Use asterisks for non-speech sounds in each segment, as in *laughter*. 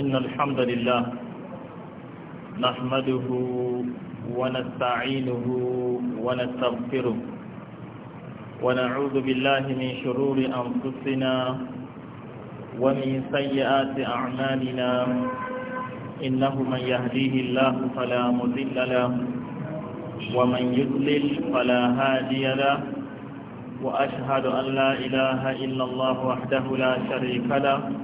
إن الحمد لله نحمده ونستعينه ونستغفره ونعوذ بالله من شرور أنفسنا ومن سيئات أعمالنا إنه من يهديه الله فلا مذل له ومن يذلل فلا هادي له وأشهد أن لا إله إلا الله وحده لا شريك له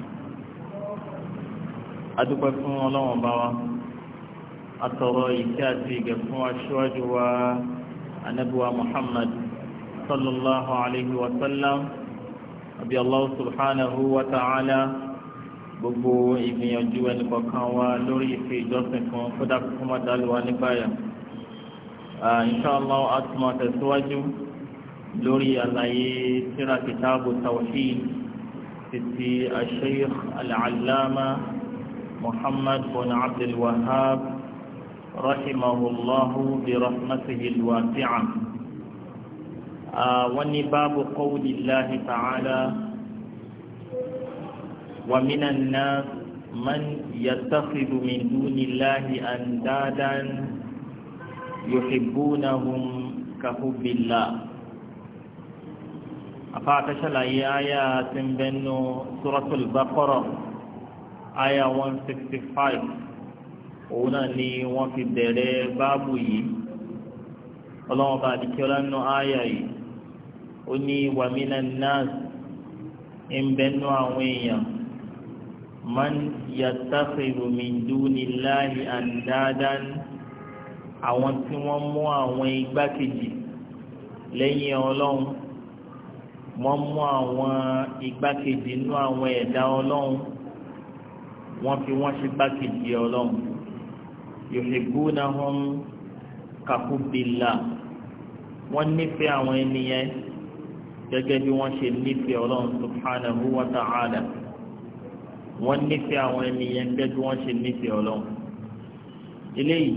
adúpẹ́ fún ọlọ́wọ́n bá wa atọ̀rọ̀ ìkẹ́ àti ìgẹ̀ fún aṣíwájú wa anabiwa muhammad sallallahu alayhi wa sallam àbí allah subhanahu wa ta'ala gbogbo ìgbìyànjú ẹnì kọ̀ọ̀kan wa lórí ìfẹ́ ìjọsìn kan kódà kó má dálé wa nígbàyà inshallah atúmọ̀ tẹ̀síwájú lórí àlàyé tírà kìtàbù tawhid títí ash-shaykh محمد بن عبد الوهاب رحمه الله برحمته الواسعة آه، ونباب قول الله تعالى ومن الناس من يتخذ من دون الله أندادا يحبونهم كحب الله أفاتش الأيايا تنبنو سورة البقرة aya 165. sixty five òun náà ni wọ́n fi bẹ̀rẹ̀ báàbù yìí ọlọ́wọ́n bá àdìkíọ́lá nù aya yìí ó ní wàmínà nas ń bẹnu àwọn èèyàn man yàtàkìrù min dúniláhi àndáadáa àwọn tí wọ́n mú àwọn igbákejì lẹ́yìn ọlọ́run wọ́n mú àwọn igbákejì nú àwọn ẹ̀dá ọlọ́run wọ́n fi wọ́n ṣe gbákejì ọlọ́run yuhibbunahum kahubbillah wọ́n nífẹ̀ẹ́ àwọn ènìyàn gẹ́gẹ́ bí wọ́n ṣe nífẹ̀ẹ́ ọlọ́run subhanahu wa ta'ala wọ́n nífẹ̀ẹ́ àwọn ènìyàn gẹ́gẹ́ bí wọ́n ṣe nífẹ̀ẹ́ ọlọ́run eléyìí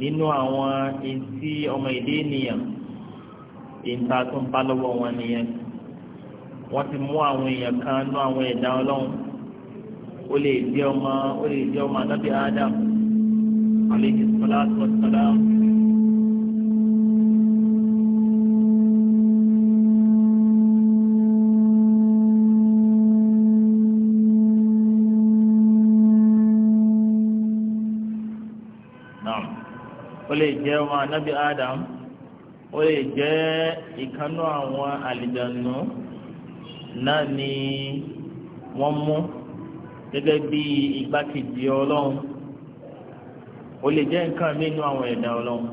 nínú àwọn etí ọmọ ìdí ènìyàn ìta tó ń bá lọ́wọ́ wọn nìyẹn wọ́n ti mú àwọn èèyàn kan nú àwọn ẹ̀dá ọlọ́run ó lè jẹ́ ọmọ ó lè jẹ́ ọmọ anábì Adam aleyhi salatu wa salam. ó lè jẹ́ ọmọ anábì Adam ó lè jẹ́ ìkánú àwọn àlìjànú náà ni wọ́n mú gẹ́gẹ́ bí igbákejì ọlọ́run ó lè jẹ́ nǹkan nínú àwọn ẹ̀dá ọlọ́run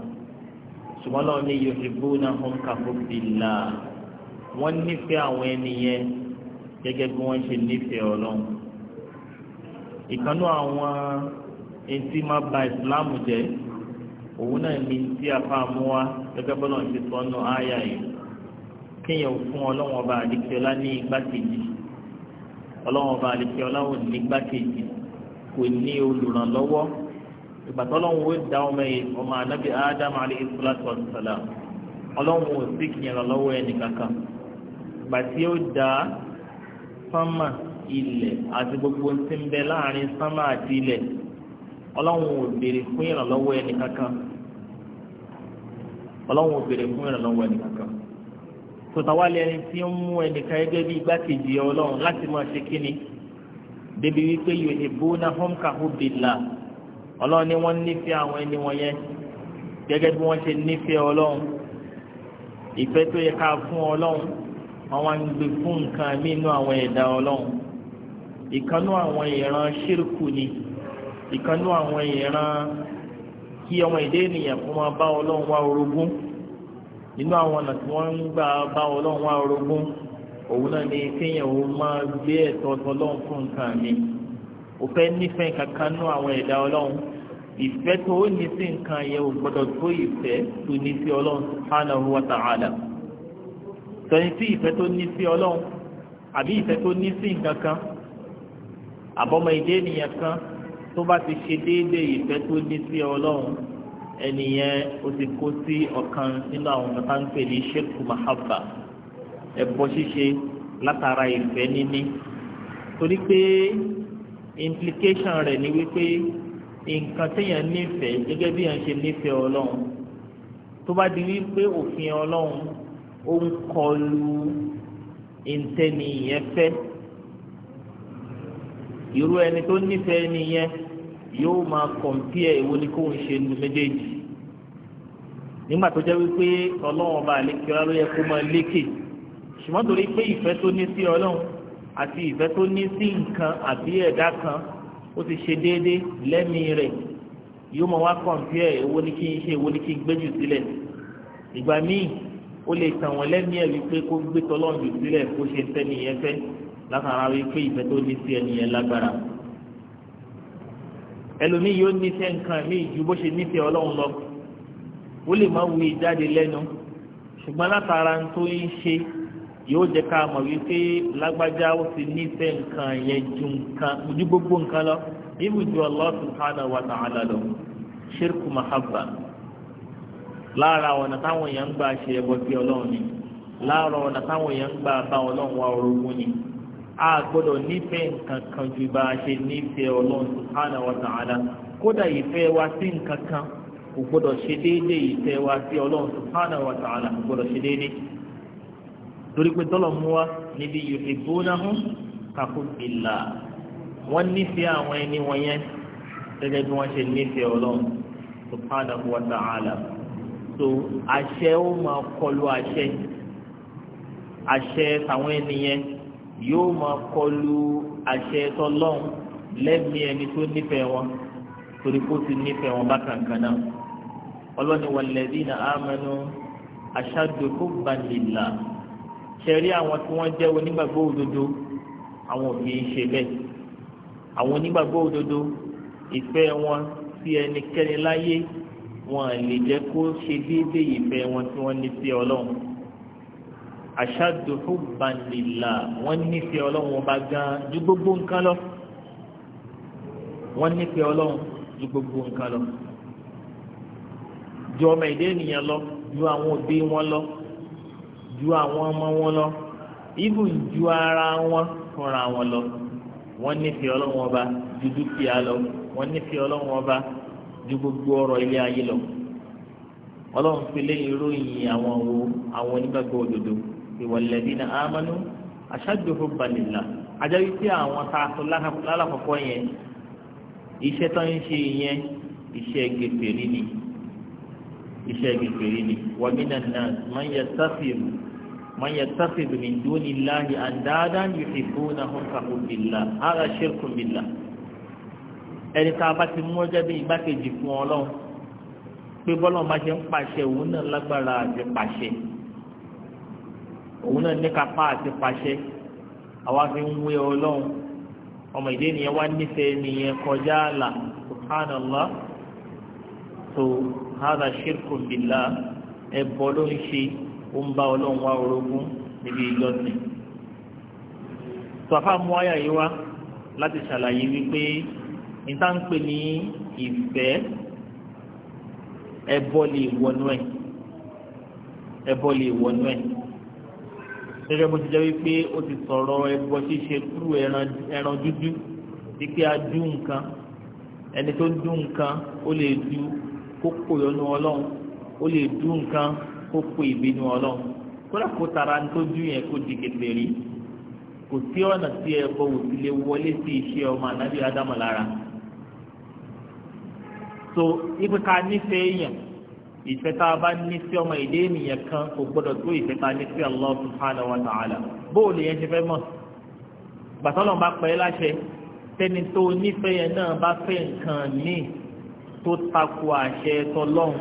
ṣùgbọ́n lọ́wọ́ ní yuhibbunahum kahubbillah wọ́n nífẹ̀ẹ́ àwọn ẹni yẹn gẹ́gẹ́ bí wọ́n ṣe nífẹ̀ẹ́ ọlọ́run ìkànnú àwọn etí máa ba ìsìláàmù jẹ́ òun náà ní tí apá amúwá gẹ́gẹ́ bọ́lá ń ṣe sọ ọ́nà ááyà yìí kéèyàn fún ọlọ́wọ́n ọba àdìkẹ́lá ní igbákejì ọlọ́wọ́n ọba àlejò ọláwọ̀ nígbàkejì kò ní olùrànlọ́wọ́ ìgbàtọ́ ọlọ́wọ́n ó da ọmọ yìí ọmọ anábì ádámù alayhi salatu wa salam ọlọ́wọ́n ò sí kìnyẹn lọ́wọ́ ẹnì kankan gbàtí ó da sánmà ilẹ̀ àti gbogbo tí ń bẹ láàrin sánmà àti ilẹ̀ ọlọ́wọ́n ò béèrè fún ìrànlọ́wọ́ ẹnì ọlọ́wọ́n ò béèrè fún ìrànlọ́wọ́ ẹnì tòtàwálé ẹni tí ń mú ẹnìkan gẹ́gẹ́ bí igbákejì ọlọ́run láti máa ṣe kíni débi wípé yóò èbó na homka hobìlà ọlọ́run ni wọ́n nífẹ̀ẹ́ àwọn ẹni wọ̀n yẹn gẹ́gẹ́ bí wọ́n ṣe nífẹ̀ẹ́ ọlọ́run ìfẹ́ tó yẹ ká fún ọlọ́run wọ́n wá ń gbé fún nǹkan mí inú àwọn ẹ̀dá ọlọ́run ìkanú àwọn ìran ṣírkù ni ìkanú àwọn ìran kí ọmọ ìdé ènìyàn fún wọn bá ọlọ́run wá orogún inú àwọn ọ̀nà tí wọ́n ń gbà bá ọlọ́run wá orogún òun náà ni kéèyàn ó máa gbé ẹ̀tọ́ ọlọ́run fún nǹkan mi ó fẹ́ nífẹ̀ẹ́ kankan nú àwọn ẹ̀dá ọlọ́run ìfẹ́ tó ó ní sí nǹkan yẹn ò gbọ́dọ̀ tó ìfẹ́ tó ní sí ọlọ́run subhanahu wa ta'ala sọyìn tí ìfẹ́ tó ní sí ọlọ́run àbí ìfẹ́ tó ní sí nǹkan kan àbọ̀mọ̀ ìdí ènìyàn kan tó bá ti ṣe déédéé ìfẹ́ tó ní sí ọlọ́run ẹnìyẹn ó ti kó sí ọ̀kan nínú àwọn ọmọ tá ń ní sheku mahaba ẹbọ ṣíṣe látara ìfẹ́ níní torí pé implication rẹ̀ ni wípé nǹkan téèyàn nífẹ̀ẹ́ gẹ́gẹ́ bí èèyàn ṣe nífẹ̀ẹ́ ọlọ́run tó bá di wípé òfin ọlọ́run ó ń kọlu ìǹtẹ́ni ìyẹn fẹ́ irú ẹni tó nífẹ̀ẹ́ nìyẹn yóò máa kọ̀m̀pìẹ̀ èwo ni kóun ṣe nu méjèèjì nígbà tó jẹ́ wípé ọlọ́run ọba àlékiọ́lá ló yẹ kó máa lékè ṣùgbọ́n torí pé ìfẹ́ tó ní sí ọlọ́run àti ìfẹ́ tó ní sí nǹkan àbí ẹ̀dá kan ó ti ṣe déédé lẹ́mìí rẹ̀ yóò máa wá kọ̀m̀pìẹ̀ èwo ni kí n ṣe èwo ni kí n gbéjù sílẹ̀ ìgbà míì ó lè tàn wọ́n lẹ́mìí ẹ̀ wípé kó gbé tọ́lọ́run jù sílẹ̀ kó ṣe tẹ́niyẹn fẹ́ látara wípé ìfẹ́ tó ní sí ẹniyẹn lágbára ẹlòmíì yóò nífẹ̀ẹ́ nǹkan míì ju bó ṣe nífẹ̀ẹ́ ọlọ́run lọ ó lè má wí jáde lẹ́nu ṣùgbọ́n látara tó ń ṣe yóò jẹ́ ká mọ̀ wípé lágbájá ó ti nífẹ̀ẹ́ nǹkan yẹn ju nǹkan ju gbogbo nǹkan lọ ibu ju Allah subhanahu wa ta'ala lọ ṣírkù mahabba lára ọ̀nà táwọn èèyàn ń gbà ṣe ẹbọ bí ọlọ́run ni lára ọ̀nà táwọn èèyàn ń gbà bá ọlọ́run wá orogún ni a gbọ́dọ̀ nífẹ̀ẹ́ nǹkan kan ju bá a ṣe nífẹ̀ẹ́ ọlọ́run subhanahu wa ta'ala kódà ìfẹ́ wa sí nǹkan kan kò gbọ́dọ̀ ṣe déédé ìfẹ́ wa sí ọlọ́run subhanahu wa ta'ala kò gbọ́dọ̀ ṣe déédé torí pé tọ́lọ̀ mú wa níbi yuhibbunahum kahubbillah wọ́n nífẹ̀ẹ́ àwọn ẹni wọ̀nyẹn gẹ́gẹ́ bí wọ́n ṣe nífẹ̀ẹ́ ọlọ́run subhanahu wa ta'ala so àṣẹ ó máa kọlu àṣẹ àṣẹ tàwọn ẹni yẹn yóò máa kọlu àṣẹ tọlọ́hún lẹ́mìí ẹni tó nífẹ̀ẹ́ wọn torí kó ti nífẹ̀ẹ́ wọn bákan kan náà ọlọ́ni walladhina amanu ashaddu hubban lillah ṣẹ̀rí àwọn tí wọ́n jẹ́ onígbàgbọ́ òdodo àwọn ò kì í ṣe bẹ́ẹ̀ àwọn onígbàgbọ́ òdodo ìfẹ́ wọn sí ẹnikẹ́ni láyé wọn lè jẹ́ kó ṣe déédéé ìfẹ́ wọn tí wọ́n ní sí ọlọ́run ashaddu hubban lillah wọ́n nífẹ̀ẹ́ ọlọ́run ọba gan ju gbogbo nǹkan lọ wọ́n nífẹ̀ẹ́ ọlọ́run ju gbogbo nǹkan lọ ju ọmọ ìdí ènìyàn lọ ju àwọn òbí wọn lọ ju àwọn ọmọ wọn lọ ibù ju ara wọn fúnra wọn lọ wọ́n nífẹ̀ẹ́ ọlọ́run ọba ju dúkìá lọ wọ́n nífẹ̀ẹ́ ọlọ́run ọba ju gbogbo ọrọ̀ ilé ayé lọ ọlọ́run fi lé ìròyìn àwọn àwọn onígbàgbọ́ òdodo pé walladina amanu ashaddu hubban lillah ajá wípé àwọn tá a sọ lálàkọ́kọ́ yẹn iṣẹ́ tó ń ṣe yẹn iṣẹ́ gèfèrí ni iṣẹ́ gèfèrí ni wa minan nas man yattakhidhu man yattakhidhu min dunillahi andadan yuhibbunahum ka hubbillah hadha shirkun billah ẹni tá a bá ti mú ọjọ́ bí ìgbákejì fún ọlọ́run pé bọ́lá ọmọ ṣe ń pàṣẹ òun náà lágbára àti pàṣẹ òun náà ní kápá àti pàṣẹ àwa fi ń wé ọlọ́run ọmọ ìdí ènìyàn wá nífẹ̀ẹ́ ènìyàn kọjá àlà subhanallah tó hàdà shirkun billah ẹ̀bọ ló ń ṣe ó ń bá ọlọ́run wá orogún níbi ìjọsìn. tọ́fà mú àyà yìí wá láti ṣàlàyé wípé níta ń pè ní ìfẹ́ ẹ̀bọ lè wọnú ẹ̀ ẹ̀bọ lè wọnú ẹ̀ gẹ́gẹ́ bó ti jẹ́ wípé ó ti sọ̀rọ̀ ẹbọ ṣíṣe kúrú ẹran dúdú wípé a dú nǹkan ẹni tó ń dú nǹkan ó lè dú kókó yọnu ọlọ́run ó lè dú nǹkan kókó ìbínú ọlọ́run kódà kó tara ní tó dú yẹn kó di kékeré kò sí ọ̀nà tí ẹbọ wò sí lè wọlé sí iṣẹ́ ọmọ ànábì ádámù lára so ibi ká nífẹ̀ẹ́ yẹn ìfẹ́ tá a bá ní sí ọmọ èdè ènìyàn kan kò gbọ́dọ̀ tó ìfẹ́ tá a ní sí Allah subhanahu wa ta'ala bóòlù yẹn ti fẹ́ mọ̀ gbàtọ́lọ̀ bá pẹ́ láṣẹ tẹni tó nífẹ̀ẹ́ yẹn náà bá fẹ́ nǹkan ní tó takò àṣẹ tọlọ́hun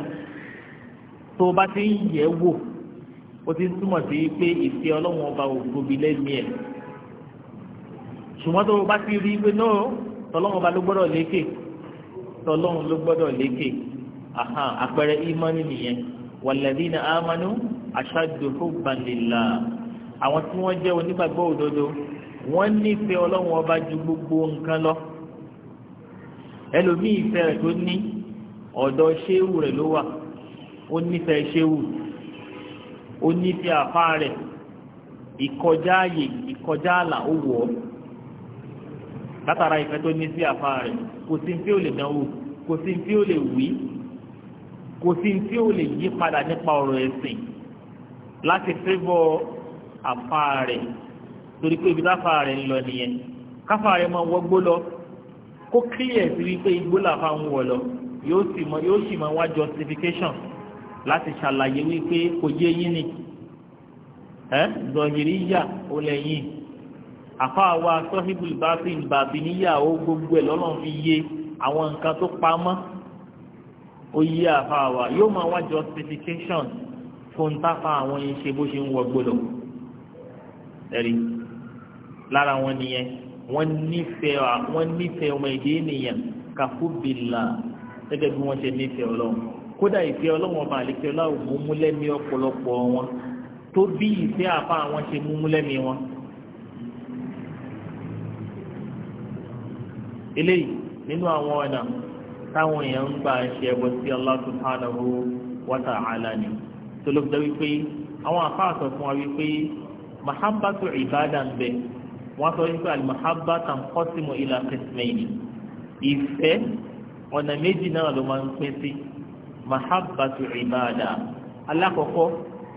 tó bá ti ń yẹ̀ wò ó ti túmọ̀ sí pé ìfẹ́ ọlọ́run ọba ò tóbi ẹ̀ ṣùgbọ́n tó bá ti rí i pé náà tọlọ́run ọba ló gbọ́dọ̀ lékè tọlọ́run ló gbọ́dọ̀ lékè ahan àpẹẹrẹ ìmánì nìyẹn walladhina amanu ashaddu hubban lillah àwọn tí wọ́n jẹ́ onígbàgbọ́ òdodo wọ́n nífẹ̀ẹ́ ọlọ́run ọba ju gbogbo nǹkan lọ ẹlòmíì ìfẹ́ rẹ̀ tó ní ọ̀dọ̀ ṣéwù rẹ̀ ló wà ó nífẹ̀ẹ́ ṣéwù ó nífẹ̀ẹ́ àfá rẹ̀ ìkọjá ààyè ìkọjá àlà ó wọ̀ ọ́ látara ìfẹ́ tó ní sí àfá rẹ̀ kò sí tí ó lè dánwò kò sí tí ó lè wí kò sí tí ó lè yí padà nípa ọ̀rọ̀ ẹ̀sìn láti fẹ́bọ̀ àfa rẹ̀ torí pé ibi táfa rẹ̀ ń lọ nìyẹn káfa rẹ̀ máa wọgbó lọ kó kílíẹ̀ sí wípé igbó làfa ń wọ̀ lọ yóò sì mọ yóò sì mọ wá justification láti ṣàlàyé wípé kò yé yín ni ẹ zọhìrì yà ó lẹ́yìn àfa wa sọ́hìbùl bàbí bàbí níyà ó gbogbo ẹ̀ lọ́lọ́run fi yé àwọn nǹkan tó pamọ́ oyè àfàwà yóò máa wá justification fún tápá àwọn yẹn ṣe bó ṣe ń wọ gbọdọ̀ ẹ̀rí lára wọn nìyẹn wọ́n nífẹ̀ẹ́ wọ́n nífẹ̀ẹ́ ọmọ èdè ènìyàn kàfúbìlà gẹ́gẹ́ bí wọ́n ṣe nífẹ̀ẹ́ ọlọ́run kódà ìfẹ́ ọlọ́run ọba àlekẹ́ ọlọ́run mú mú lẹ́mí ọ̀pọ̀lọpọ̀ wọn tó bí ìfẹ́ àfa àwọn ṣe mú wọn. eléyìí nínú àwọn ọ̀nà táwọn èèyàn ń gbà ṣe ẹbọ sí Allah subhanahu wa ta'ala ni tó ló fi dá wípé àwọn àfáà sọ fún wa wípé mahabbatu ìbádà ń bẹ wọ́n sọ wípé alimahabba tanqasimu ila qismayni ìfẹ́ ọ̀nà méjì náà ló máa ń pín sí mahabbatu ìbádà alákọ̀ọ́kọ́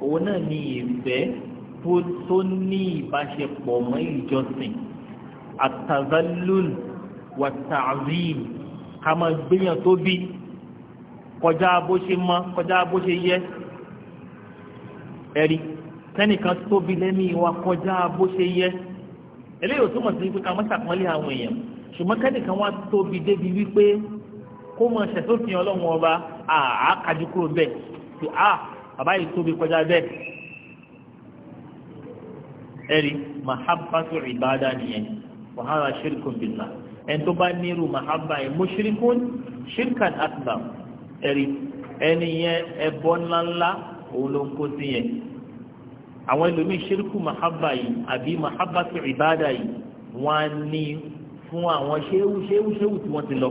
òun náà ní ìfẹ́ tó ní ìbáṣepọ̀ mọ́ ìjọsìn àtàzálùl wàtàzíìmù ká máa gbéyàn tó bí kọjá bó ṣe mọ kọjá bó ṣe yẹ ẹ̀rí tẹ́nìkan tóbi lẹ́mí wa kọjá bó ṣe yẹ eléyìí ò túmọ̀ sí pé ká má ṣàpọ́nlé àwọn èèyàn ṣùgbọ́n tẹ́nìkan wá tóbi débi wípé kó mọ ṣẹ̀sófin ọlọ́run ọba àá kájú kúrò bẹ́ẹ̀ pé a bàbá yìí tóbi kọjá bẹ́ẹ̀ ẹ̀rí mahabbatu ibada nìyẹn wàhálà shirkun billah ẹni tó bá nírú mahaba yìí mushrikun shirkan akbar ẹ̀rí ẹni yẹn ẹbọ ńláńlá òun ló ń kó sí yẹn àwọn ẹlòmíì ṣírkù mahaba yìí àbí mahaba tó ìbáda yìí wọ́n á ní fún àwọn ṣéwù ṣéwù ṣéwù tí wọ́n ti lọ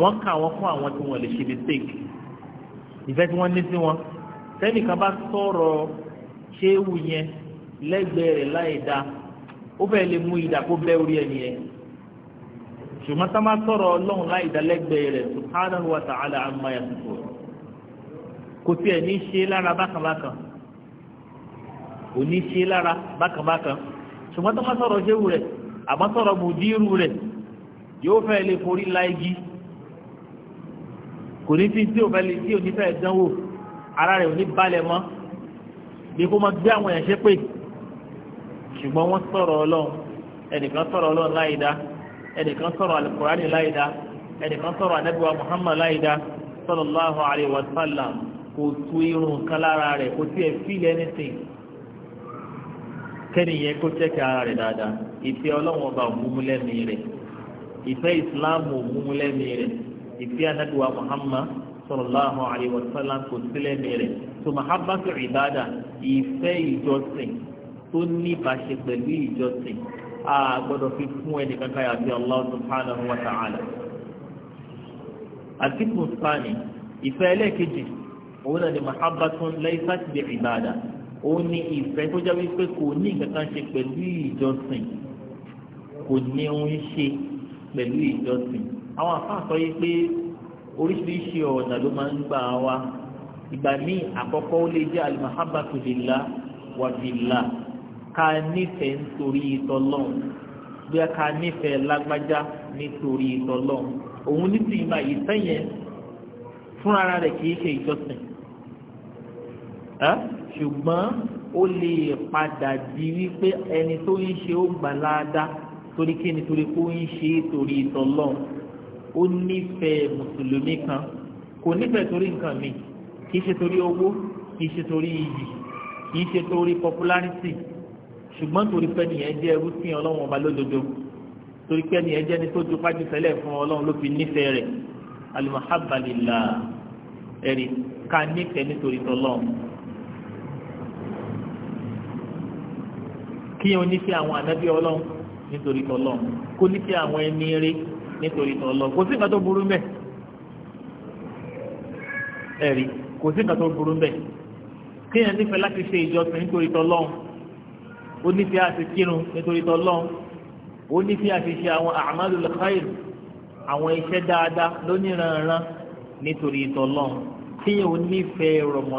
wọ́n kà wọ́n fún àwọn tí wọ́n lè ṣe mistake ìfẹ́ tí wọ́n ní sí wọn sẹ́nìkan bá sọ̀rọ̀ ṣéwù yẹn lẹ́gbẹ̀ẹ́ rẹ̀ láì dáa ó fẹ́ lè mú ìdàkó bẹ́ orí ẹni yẹn ṣùgbọ́n tá máa sọ̀rọ̀ ọlọ́run láì dálẹ́gbẹ̀ẹ́ rẹ̀ subhanahu wa ta'ala amma yasifun kò tiẹ̀ ní ṣe lára bákanbákan kò ní ṣe lára bákanbákan ṣùgbọ́n tá máa sọ̀rọ̀ ṣéwù rẹ̀ àmọ́ sọ̀rọ̀ mùdírù rẹ̀ yóò fẹ́ lè forí la igi kò ní fi tí òfẹ́ lè tí ò ní fẹ́ dánwò ara rẹ̀ ò ní balẹ̀ mọ́ bí kò máa gbé àwọn ẹ̀ṣẹ́ pè ṣùgbọ́n wọ́n sọ̀rọ̀ ọlọ́run ẹnìkan sọ̀rọ̀ ọlọ́run láì dá ẹnìkan sọ̀rọ̀ alukurani láìda ẹnìkan sọ̀rọ̀ anabiwa muhammad láìda sallallahu alayhi wa sallam kò tu irun kan lára rẹ̀ kò tiẹ̀ feel anything kẹ́niyẹn kó chẹ́kì ara rẹ̀ dáadáa ìfẹ́ ọlọ́run ọba òmùmúlẹ́mì rẹ̀ ìfẹ́ ìsìláàmù òmùmúlẹ́mì rẹ̀ ìfẹ́ anabiwa muhammad sallallahu alayhi wa sallam kò sílẹ̀mì rẹ̀ so mahabbatu ibada ìfẹ́ ìjọsìn tó ní ìbáṣe pẹ̀lú ìjọsìn a gbọ́dọ̀ fi fún ẹni kankan yà sí Allah subhanahu wa ta'ala àtìkù sani ìfẹ́ ẹlẹ́ẹ̀kejì òun náà ni mahabbatun laysat bi ibada òun ni ìfẹ́ tó jẹ́ wípé kò ní kankan ṣe pẹ̀lú ìjọsìn kò ní òun ṣe pẹ̀lú ìjọsìn àwọn afáàfọ́ yìí pé oríṣiríṣi ọ̀nà ló máa ń gbà wá ìgbà míì àkọ́kọ́ ó lè jẹ́ alimahabatu lillah wa billah ká nífẹ̀ẹ́ nítorí ìtọ́lọ́hún bí ká nífẹ̀ẹ́ lágbájá nítorí ìtọ́lọ́hún òun nítorí máa yìí sẹ́yìn fúnra rẹ̀ kì í ṣe ìjọsìn ṣùgbọ́n ó lè padà di wípé ẹni tó ń ṣe ó gbà láadáa torí kí ni torí kó ń ṣe torí ìtọ́lọ́hún ó nífẹ̀ẹ́ mùsùlùmí kan kò nífẹ̀ẹ́ torí nǹkan mi kì í ṣe torí owó kì í ṣe torí iyì kì ṣe torí popularity ṣùgbọ́n torí pé nìyẹn jẹ́ ẹrú sí ọlọ́run ọba lódodo torí pé nìyẹn jẹ́ ní tó ju pájú sẹ́lẹ̀ fún ọlọ́run ló fi nífẹ̀ẹ́ rẹ̀ alimahabalila ẹ̀rí ká nífẹ̀ẹ́ nítorí tọ́lọ́run. kí o nífẹ̀ẹ́ àwọn ànábì ọlọ́run nítorí tọ́lọ́run kó nífẹ̀ẹ́ àwọn ẹni rí nítorí tọ́lọ́run kò sí nǹkan tó burú mbẹ̀ ẹ̀rí kò sí nǹkan tó burú mbẹ̀ kí yẹn nífẹ̀ẹ́ láti ṣe ìjọsìn nítorí tọ́lọ́run ó ní fi àti kírun nítorí tọ́lọ́n ó ní fi àti ṣe àwọn a'malul khair àwọn iṣẹ́ dáadáa lóníranran nítorí tọ́lọ́n tíyẹn ò nífẹ̀ẹ́ Ramadan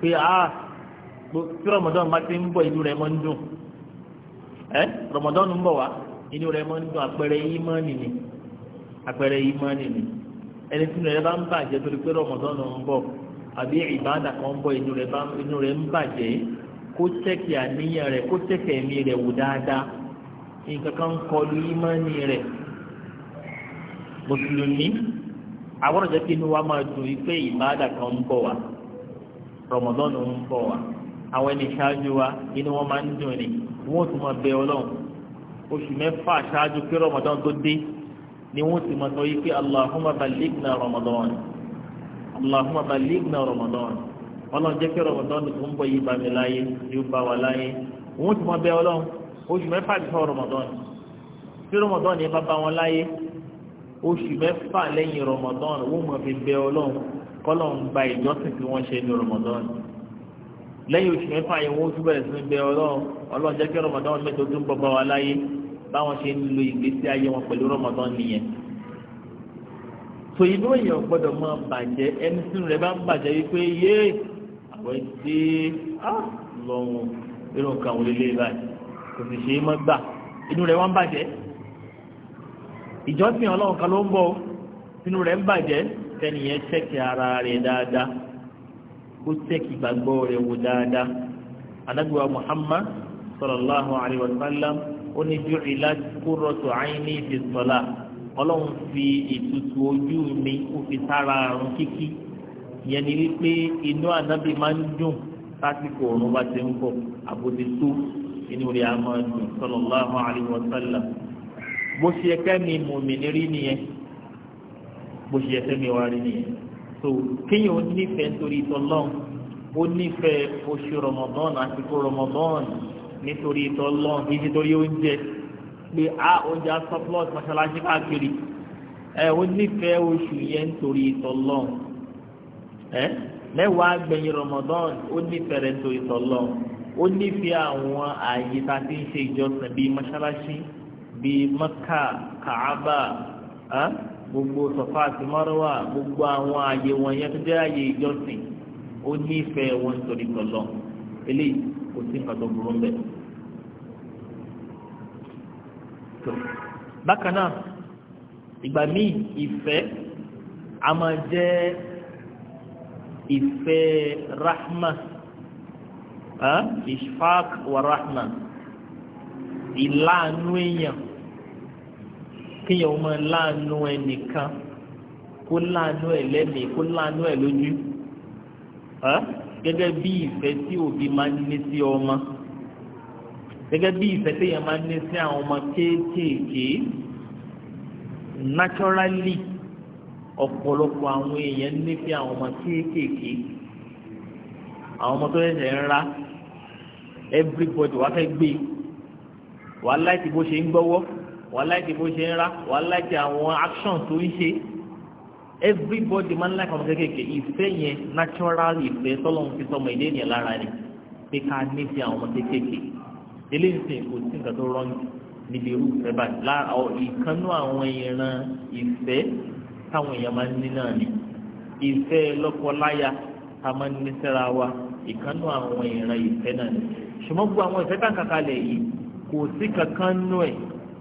pé a tí Ramadan bá ti ń bọ̀ inú rẹ̀ mọ́ ń dùn ẹ́ Ramadan ń bọ̀ wá inú rẹ̀ mọ́ ń dùn àpẹẹrẹ ìmánì ni àpẹẹrẹ ìmánì ni ẹni tí rẹ̀ bá ń bàjẹ́ torí pé Ramadan ń bọ̀ àbí ìbádà kan ń bọ̀ inú rẹ̀ ń bàjẹ́ kó tẹ̀kì àníyàn rẹ̀ kó tẹ̀kì ẹ̀mí rẹ̀ wò dáadáa nǹkan kan kọlu ìmọ̀ọ́nì rẹ̀ mùsùlùmí àwọn ọ̀jọ́ kí inú wa máa dùn ife ìbáàdà kan ń bọ̀ wá rọmọdọ́nù ni wọn ò tún máa bẹ ọlọ́run oṣù mẹ́fà ṣáájú pé rọmọdọ́n tó dé ni wọn máa sọ yìí ọlọ́run jẹ́ kí Ramadan tó ń bọ̀ yìí bá mi láyé yóò bá wa láyé òun ti mọ bẹ ọlọ́run oṣù mẹ́fà ti fọ́ Ramadan tí Ramadan yẹn bá bá wọn láyé oṣù mẹ́fà lẹ́yìn Ramadan wọ́n mọ̀ fi bẹ ọlọ́run kọ́lọ́run gba ìjọsìn tí wọ́n ṣe ní Ramadan lẹ́yìn oṣù mẹ́fà yẹn wọ́n tún bẹ̀rẹ̀ sí ní bẹ ọlọ́run ọlọ́run jẹ́ kí Ramadan mẹ́tọ́ tó ń bọ̀ máa bàjẹ́ ẹni sínú rẹ̀ bá ń bàjẹ́ wípé yéé àgbọ̀ dé lọ́wọ́ irú nǹkan wọlé lé báyìí kò sì ṣe é mọ́ gbà inú rẹ̀ wọ́n bàjẹ́ ìjọsìn ọlọ́run kan ló ń bọ̀ inú rẹ̀ ń bàjẹ́ tẹ́nìyẹn ṣẹ́kì ara rẹ̀ dáadáa ó ṣẹ́kì gbàgbọ́ rẹ̀ wò dáadáa adágbéwá Muhammad sallallahu alayhi wa sallam ó ní ju'ilat qurratu aini fi salah ọlọ́run fi ìtutù ojú mi ó fi sára àrùn kíkí ìyẹn ni wípé inú ànábì máa ń dùn lásìkò òun bá ti ń bọ̀ àbòtí tó inú rẹ̀ á máa dùn sallallahu alaihi wa sallam bó ṣe ẹkẹ́ mi mùmìnì rí nìyẹn bó ṣe ẹkẹ́ mi wá rí nìyẹn so kéèyàn ó nífẹ̀ẹ́ nítorí ìtọ́lọ́n ó nífẹ̀ẹ́ oṣù Ramadan àsìkò Ramadan nítorí ìtọ́lọ́n kì í ṣe torí oúnjẹ pé a ah, oúnjẹ surplus mọ́ṣáláṣí káàkiri ẹ̀ ó nífẹ̀ẹ́ oṣù yẹn nítorí ìtọ́lọ́n ẹ mẹ́wàá gbẹ̀yìn Ramadan ó nífẹ̀ẹ́ tó ìtọ́lọ́ ó nífẹ̀ẹ́ àwọn ààyè tá a ti ń ṣe ìjọsìn bíi mọ́ṣáláṣí bíi Mẹ́kà Kàábà gbogbo Sọ̀fà àti Márùwà gbogbo àwọn ààyè wọ̀nyẹn tó jẹ́ ààyè ìjọsìn ó nífẹ̀ẹ́ wọn torí tọ́lọ́ eléyìí kò sí nǹkan tó burú mbẹ́. bákan náà ìgbà míì ìfẹ́ a máa jẹ́ ìfẹ́ rahma ishfaq wa rahma ìlànà èèyàn kéèyàn máa láàánú ẹnìkan kó láàánú ẹ lẹ́mìí kó láàánú ẹ lójú gẹ́gẹ́ bí ìfẹ́ tí òbí máa ń ní sí ọmọ gẹ́gẹ́ bí ìfẹ́ téèyàn máa ń ní sí àwọn ọmọ naturally ọ̀pọ̀lọpọ̀ àwọn èèyàn nífẹ̀ẹ́ àwọn ọmọ kéékèèké àwọn ọmọ tó ṣẹ̀ṣẹ̀ ń everybody wàá fẹ́ gbé wàá láìsí bó ṣe ń gbọ́wọ́ wàá láìsí bó ṣe ń ra wàá láìsí àwọn action tó ń ṣe everybody máa ń láìka ọmọ kéékèèké ìfẹ́ yẹn natural ìfẹ́ tọ́lọ́run fi sọmọ ilé yẹn lára rẹ̀ pé ká nífẹ̀ẹ́ àwọn ọmọ kéékèèké eléyìí kò sí nǹkan tó rọ́ǹkì níbi irú ìfẹ́ báyìí lára ìkánú àwọn ìran ìfẹ́ táwọn èèyàn máa ń ní náà ni ìfẹ́ lọ́kọ-láya tá a máa ń ní síra wa ìkánú àwọn ìran ìfẹ́ náà ni ṣùgbọ́n gbogbo àwọn ìfẹ́ tàn kàkalẹ̀ yìí kò sí kankan nú ẹ̀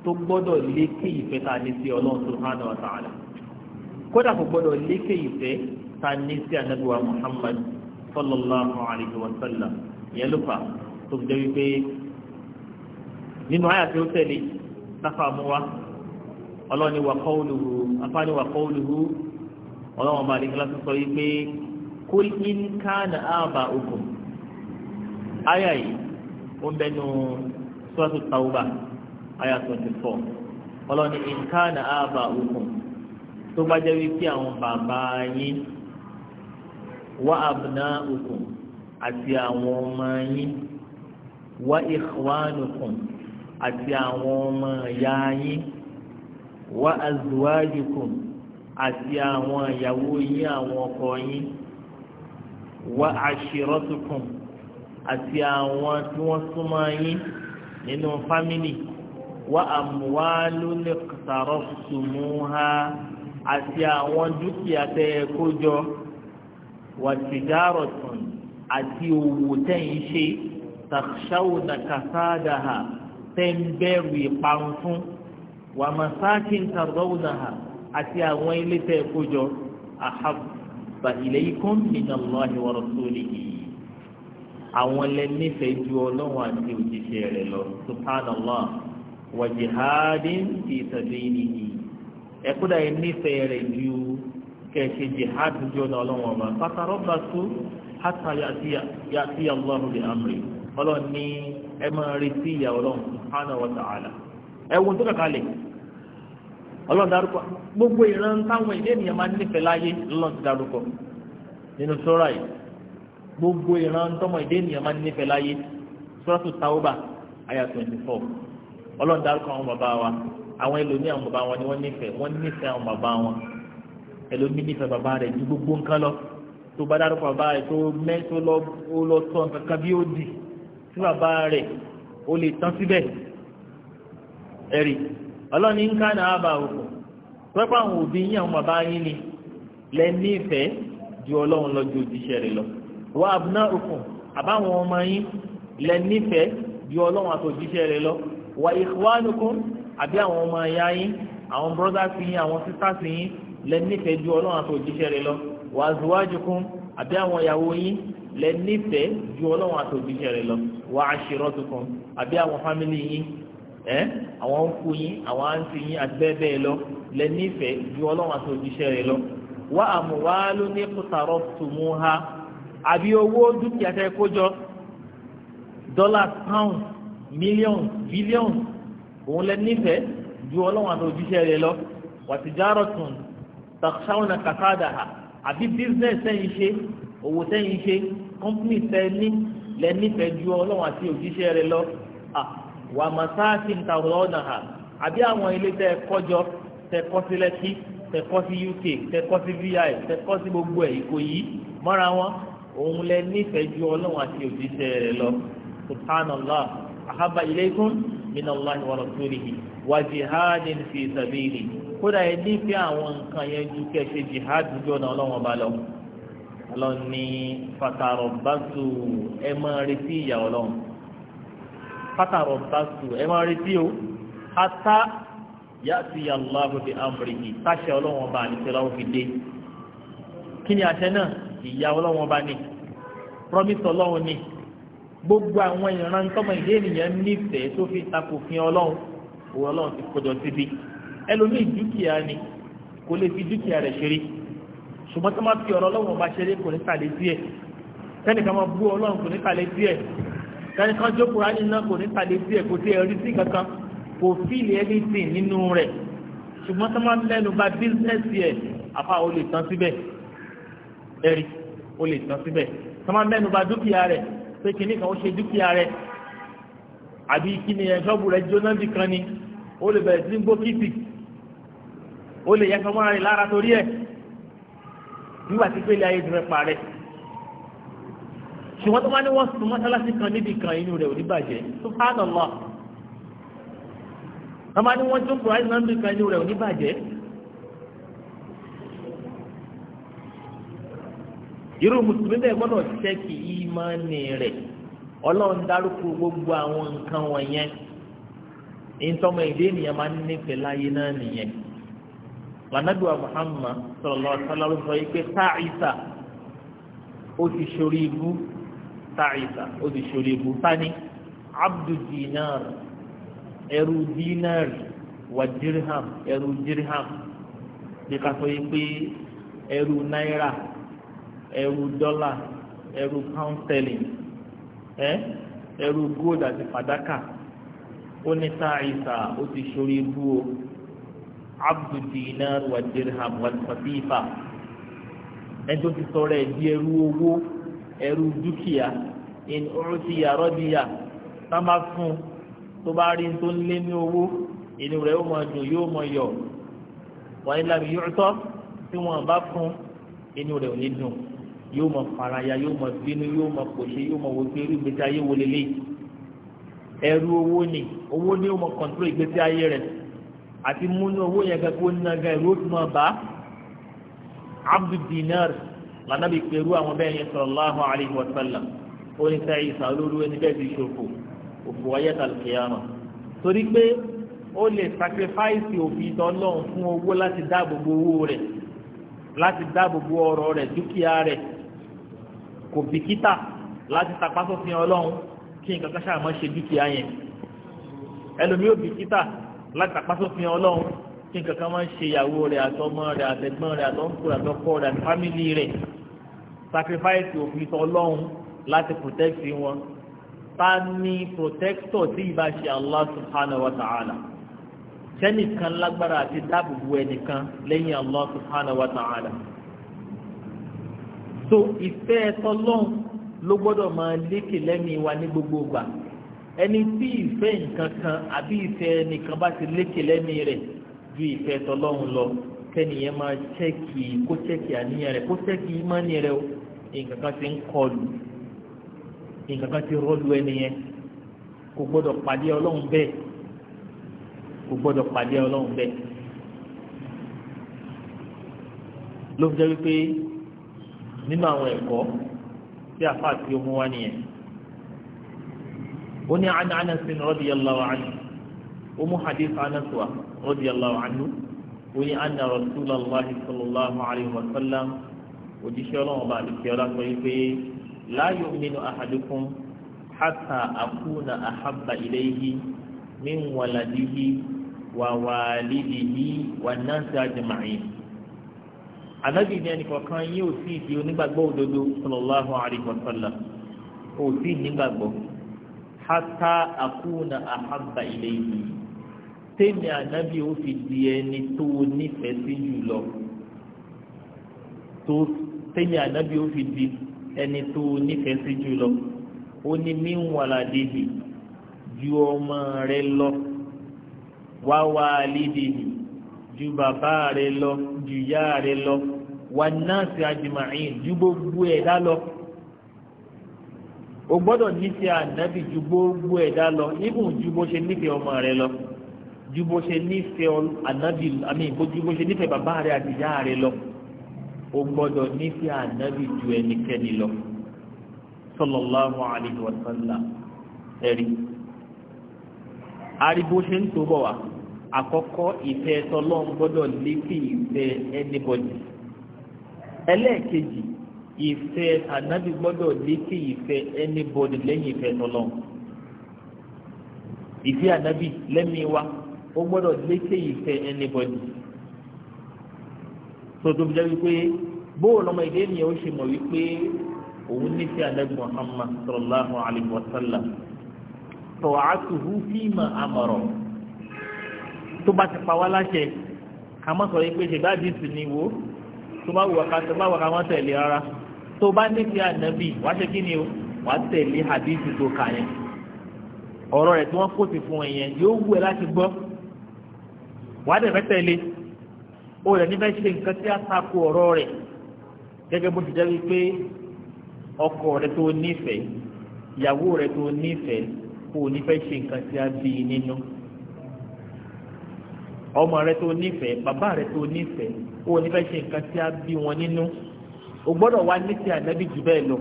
tó gbọ́dọ̀ lékè ìfẹ́ tá a ní sí ọlọ́run subhanahu wa ta'ala kódà kò gbọ́dọ̀ lékè ìfẹ́ tá ní sí anabiwa muhammad sallallahu alayhi wa sallam ìyẹn ló fà tó fi jẹ́ wípé nínú àyà ó tẹ̀lé ọlọ́ni wà kọ́ọ̀lùhù afáàní wà kọ́ọ̀lùhù ọlọ́wọ́n bá àdékọ́lá tó sọ yìí pé kul in kana aba ukum aya yìí ó ń bẹnu suratu tawba aya twenty four ọlọ́ni in kana aba ukum tó bá jẹ́ wípé àwọn bàbá yín wa abna ukum àti àwọn ọmọ yín wa ikhwanukum àti àwọn ọmọ ìyá yín wa azwajukum àti àwọn ìyàwó yín àwọn ọkọ yín wa ashiratukum àti àwọn tí wọ́n súnmọ́ yín nínú fámìlì wa amwalun iqtaraftumuha àti àwọn dúkìá tẹ́ ẹ kó wa tijaratun àti òwò tẹ́yìn ṣe takhshawna kasadaha tẹ́ ń bẹ̀rù ìparun fún wà masakin tardawnaha àti àwọn ilé tẹ́ ẹ kó jọ ahabba ilaykum minallahi wa rasulihi àwọn lẹ nífẹ̀ẹ́ ju ọlọ́run àti òjíṣẹ́ rẹ̀ lọ subhanallah wa jihadin fi sabilihi ẹ̀kúdà yìí nífẹ̀ẹ́ rẹ̀ ju kẹ̀kẹ́ jihad ju ọlọ́run ọba fatarabbasu hatta ya'tiya Allahu bi amri ọlọ́run ní ẹ máa retí ìyà ọlọ́run subhanahu wa ta'ala ẹ̀wọ̀n tó kàkà lẹ̀ ọlọ́run dárúkọ gbogbo ìran táwọn ilé ènìyàn máa nífẹ̀ẹ́ láyé lọ́n ti dárúkọ nínú sọ́ra yìí gbogbo ìran tọmọ ilé ènìyàn máa nífẹ̀ẹ́ láyé Suratu Tawbah àyà twenty four ọlọ́run dárúkọ àwọn bàbá wa àwọn ẹlòmíì àwọn bàbá wọn ni wọ́n nífẹ̀ẹ́ wọ́n nífẹ̀ẹ́ àwọn bàbá wọn ẹlòmíì nífẹ̀ẹ́ bàbá rẹ̀ ju gbogbo nǹkan lọ tó bá dárúkọ bàbá rẹ̀ tó mẹ́tò lọ tó nǹkan kan bí ó dì sí bàbá rẹ̀ ó lè tán síbẹ̀ ẹ̀rí ọlọ́ni ń kánà ábà òkú pẹ́pẹ́ àwọn òbí yín àwọn bàbá yín ni lẹ́ni ìfẹ́ ju ọlọ́run lọ ju òjíṣẹ́ rẹ̀ lọ wà abúná òkú àbáwọn ọmọ yín lẹ́ni ìfẹ́ ju ọlọ́run àti òjíṣẹ́ rẹ̀ lọ wà ìkwánukún àbí àwọn ọmọ ẹ̀yà yín àwọn brothers yín àwọn sisters yín lẹ́ni ìfẹ́ ju ọlọ́run àti òjíṣẹ́ lọ wà azùwájukún àbí àwọn ìyàwó yín lẹ́ni ìfẹ́ ju ọlọ́run àti òjíṣẹ́ lọ wà àṣírọ́tukún àbí àwọn family yín ẹ́ àwọn ń fún yín àwọn á ń sin yín àti bẹ́ẹ̀ bẹ́ẹ̀ lọ lẹ́nífẹ̀ẹ́ ju ọlọ́run àti òjíṣẹ́ rẹ̀ lọ. wá àmùwá ló ní kùtàrọ̀ tùmù ha àbí owó dúkìá tẹ́ kó jọ dọ́là pound million billion òun lẹ́nífẹ̀ẹ́ ju ọlọ́run àti òjíṣẹ́ rẹ̀ lọ. wàtíjárọ̀ tún takṣáwọn kàkádà ha àbí business sẹ́yìn ṣe owó sẹ́yìn ṣe company sẹ́yìn lẹ́nífẹ̀ẹ́ ju ọlọ́run àti òjíṣẹ́ rẹ̀ lọ ah, wà màsáàtì ń ta ọ̀nà hà àbí àwọn ilé tẹ kọjọ tẹ kọ́ sí lẹ́kí tẹ kọ́ sí uk tẹ kọ́ sí vi tẹ kọ́ sí gbogbo ẹ̀ ìkòyí mọ́ra wọn òun lẹ nífẹ̀ẹ́ ju ọlọ́run àti òjíṣẹ́ rẹ̀ lọ subhanallah ahaba ilaykum minallahi wa rasulihi wa jihadin fi sabili kódà ẹ nífẹ̀ẹ́ àwọn nǹkan yẹn ju kẹ́ ṣe jihad ju ọ̀nà ọlọ́run ọba lọ ọlọ́run ní fatarabbasu ẹ máa retí ìyà ọlọ́run fátàrọ̀ bá sù ẹ máa retí o ata yàtì Allahu bi amrihi táṣẹ ọlọ́wọ́n bá àdìsẹ́láwọ́ fi dé kí ni àṣẹ náà ìyá ọlọ́wọ́n bá ní promise ọlọ́wọ́n ní gbogbo àwọn ìran tọmọ ìdí ènìyàn nífẹ̀ẹ́ tó fi takò fin ọlọ́run òun ọlọ́run ti kọjọ síbi ẹlòmíì dúkìá ni kò lè fi dúkìá rẹ̀ ṣeré ṣùgbọ́n tó máa fi ọ̀rọ̀ ọlọ́run ọba ṣeré kò ní tàlẹ́ díẹ̀ tẹ́nìkan máa bú ọlọ́run kò ní tàlẹ́ díẹ̀ kẹ́ni kan jó kúránì náà kò ní pàdé sí ẹ̀ kò sí ẹ̀rí sí kankan kò fíìlì anything nínú rẹ̀ ṣùgbọ́n tó máa ń lẹ́nu bá bísínẹ́sì ẹ̀ àfa o lè tán síbẹ̀ ẹ̀rí o lè tán síbẹ̀ tó máa ń lẹ́nu bá dúkìá rẹ̀ pé kìnnì kan ó ṣe dúkìá rẹ̀ àbí kíni ẹ̀ ṣọ́ọ̀bù rẹ̀ jóná bì kan ni ó lè bẹ̀rẹ̀ sí gbókìtì ó lè yẹ kọ́ mọ́ra rẹ̀ lára torí ẹ̀ nígbà tí pélé ayé ti rẹ̀ parẹ́ ṣùgbọ́n tó bá ní wọ́n sun mọ́sálásí kan níbi kan inú rẹ̀ ò ní bàjẹ́ subhanallah wọ́n bá ní wọ́n tún kùrọ̀ àìsàn níbi kan inú rẹ̀ ò ní bàjẹ́ irú mùsùlùmí bẹ́ẹ̀ gbọ́dọ̀ ṣẹ́kì ìmánì rẹ̀ ọlọ́run dárúkọ gbogbo àwọn nǹkan wọ̀nyẹn ìtọ́mọ ìdí ènìyàn máa ń nífẹ̀ẹ́ láyé náà nìyẹn lànàdùá Muhammad sallallahu alaihi yìí pé táà ìsà ó ti ṣorí ibú ta'isa ó ti ṣòro ìbú tani abdu dinar ẹrú dinar wà dirham ẹrú dirham bí ká sọ yìí pé ẹrú náírà ẹrú dọ́là ẹrú pound sterling ẹ ẹrú gold àti fàdákà ó ní ta'isa ó ti ṣòro ìbú o abdu dinar wà dirham wà fatifa ẹjọ́ ti sọ̀rọ̀ ẹ̀ di ẹrú owó ẹrú dúkìá in u'tiya radiya tá a máa fún tó bá rí tó ń lé ní owó inú rẹ̀ yóò máa dùn yóò máa yọ̀ wa illam yu'ta tí wọ́n bá fún inú rẹ̀ ò ní dùn yóò máa faraya yóò máa bínú yóò máa pòṣe yóò máa wò irú ìgbésí ayé wo lélẹ́yìí ẹrú owó ni owó ni ó mọ kọ̀ǹtúrò ìgbésí ayé rẹ̀ àti múnú owó yẹn gẹ́gẹ́ ó nà gẹ́ ẹrú bá abdu dinar lànà bí pẹ̀lú àwọn bẹ́ẹ̀ yẹn sallallahu alaihi wa sallam oníṣẹ́ ìsà olórí ẹni bẹ́ẹ̀ ti ṣòfò òfò ayé tàlùkìyàmà torí pé ó lè sacrifice òfin ìtọ́lọ́run fún owó láti dáàbò bo owó rẹ̀ láti dáàbò bo ọrọ̀ rẹ̀ dúkìá rẹ̀ kò bìkítà láti tapasọ́fin ọlọ́run kí nǹkan kan ṣàmọ́ ṣe dúkìá yẹn ẹlòmí ò bìkítà láti tapasọ́fin ọlọ́run kí nǹkan kan máa ṣe ìyàwó rẹ̀ àtọmọ rẹ̀ àtẹ̀gbọ́n rẹ̀ àtọ́nkù rẹ̀ àtọkọ rẹ̀ àti fámìlì rẹ̀ sacrifice òfin tọlọ́hún láti protect wọn ta ni protector tí ìbá ṣe Allah subhanahu wa ta'ala sẹ́nìkan lágbára àti dáàbòbò ẹnìkan lẹ́yìn Allah subhanahu wa ta'ala so ìfẹ́ tọlọ́hún ló gbọ́dọ̀ máa lékè lẹ́mìí wa ní gbogbo ìgbà ẹni tí ìfẹ́ nǹkan kan àbí ìfẹ́ nìkan bá ti lékè lẹ́mìí rẹ̀ ju ìfẹ́ tọlọ́hún lọ kẹ́niyẹn máa chẹ́kì kó chẹ́kì àníyàn rẹ̀ kó chẹ́kì ìmánì rẹ̀ o nǹkan kan ti ń kọlù nǹkan kan ti rọ́lù ẹniyẹn kò gbọ́dọ̀ pàdé ọlọ́run bẹ́ẹ̀ kò gbọ́dọ̀ pàdé ọlọ́run bẹ́ẹ̀ ló fi jẹ́ wípé nínú àwọn ẹ̀kọ́ tí a fà tí ó mú wá nìyẹn ó ní Anas radiyallahu anhu ó mú hadith Anas wa radiyallahu anhu ó ní anna rasulullahi sallallahu alayhi wa sallam òjíṣẹ́ ọlọ́run bá àdìsẹ́ ọlá sọ yìí pé la yu'minu ahadukum hatta akuna ahabba ilayhi min waladihi wa walidihi wa nasi ajma'in anabi ní ẹnì kọ̀ọ̀kan yìí ò sí ìdí onígbàgbọ́ òdodo sallallahu alayhi wa sallam ò sí ìdí nígbàgbọ́ hatta akuna ahabba ilayhi tẹ́mi ànábì ó fi di ẹni tó o nífẹ̀ẹ́ sí jùlọ tó tẹ́mi ànábì ó fi di ẹni tó o nífẹ̀ẹ́ sí jùlọ ó ní míwàládìhì ju ọmọ rẹ lọ wáwá àlídìhì ju bàbá rẹ lọ ju yá rẹ lọ wà náà àjùmáyìn ju gbogbo ẹ̀dá lọ o gbọ́dọ̀ nífẹ̀ẹ́ ànábì ju gbogbo ẹ̀dá lọ ibùn ju bó ṣe nífẹ̀ẹ́ ọmọ rẹ lọ ju bó ṣe nífẹ̀ẹ́ ànábì àmì ju bó ṣe nífẹ̀ẹ́ bàbá rẹ̀ àti ìyá rẹ̀ lọ o gbọ́dọ̀ nífẹ̀ẹ́ ànábì ju ẹnikẹ́ni lọ sallallahu alaihi wa sallam ẹ̀rí aribo ṣe ń tó bọ̀ wá àkọ́kọ́ ìfẹ́ tọlọ́run gbọ́dọ̀ lékè ìfẹ́ anybody ẹlẹ́ẹ̀kejì ìfẹ́ ànábì gbọ́dọ̀ lékè ìfẹ́ anybody lẹ́yìn ìfẹ́ tọlọ́run ìfẹ́ ànábì lẹ́mìí wa ó gbọ́dọ̀ lékè ìfẹ́ anybody tó tóbi jẹ́ wípé bóòlù ọmọ ìdí ènìyàn ó ṣe mọ̀ wípé òun nífẹ̀ẹ́ Ànábì Muhammad sallallahu alayhi wa sallam ta'atuhu fima amara tó bá ti pa wá láṣẹ ká má sọ̀rọ̀ pé ṣègbà dìtì ni wo tó bá wùwà ká tó bá wà ká má tẹ̀lé rárá tó bá nífẹ̀ẹ́ Ànábì wàá ṣe kí ni o wàá tẹ̀lé hadithi tó kà yẹn ọ̀rọ̀ rẹ̀ tí wọ́n kó ti fún ẹ yẹn yóò wù ẹ láti gbọ́. wà á dẹ̀ tẹ̀lé o rẹ̀ níbẹ̀ ṣe nǹkan tí a sako ọ̀rọ̀ rẹ̀ gẹ́gẹ́ bó ti jẹ́ wípé ọkọ rẹ̀ tó nífẹ̀ẹ́ ìyàwó rẹ̀ ọmọ rẹ̀ tó nífẹ̀ẹ́ bàbá rẹ̀ tó nífẹ̀ẹ́ kó wọn nínú o gbọ́dọ̀ wá ní ti ànábì jù bẹ́ẹ̀ lọ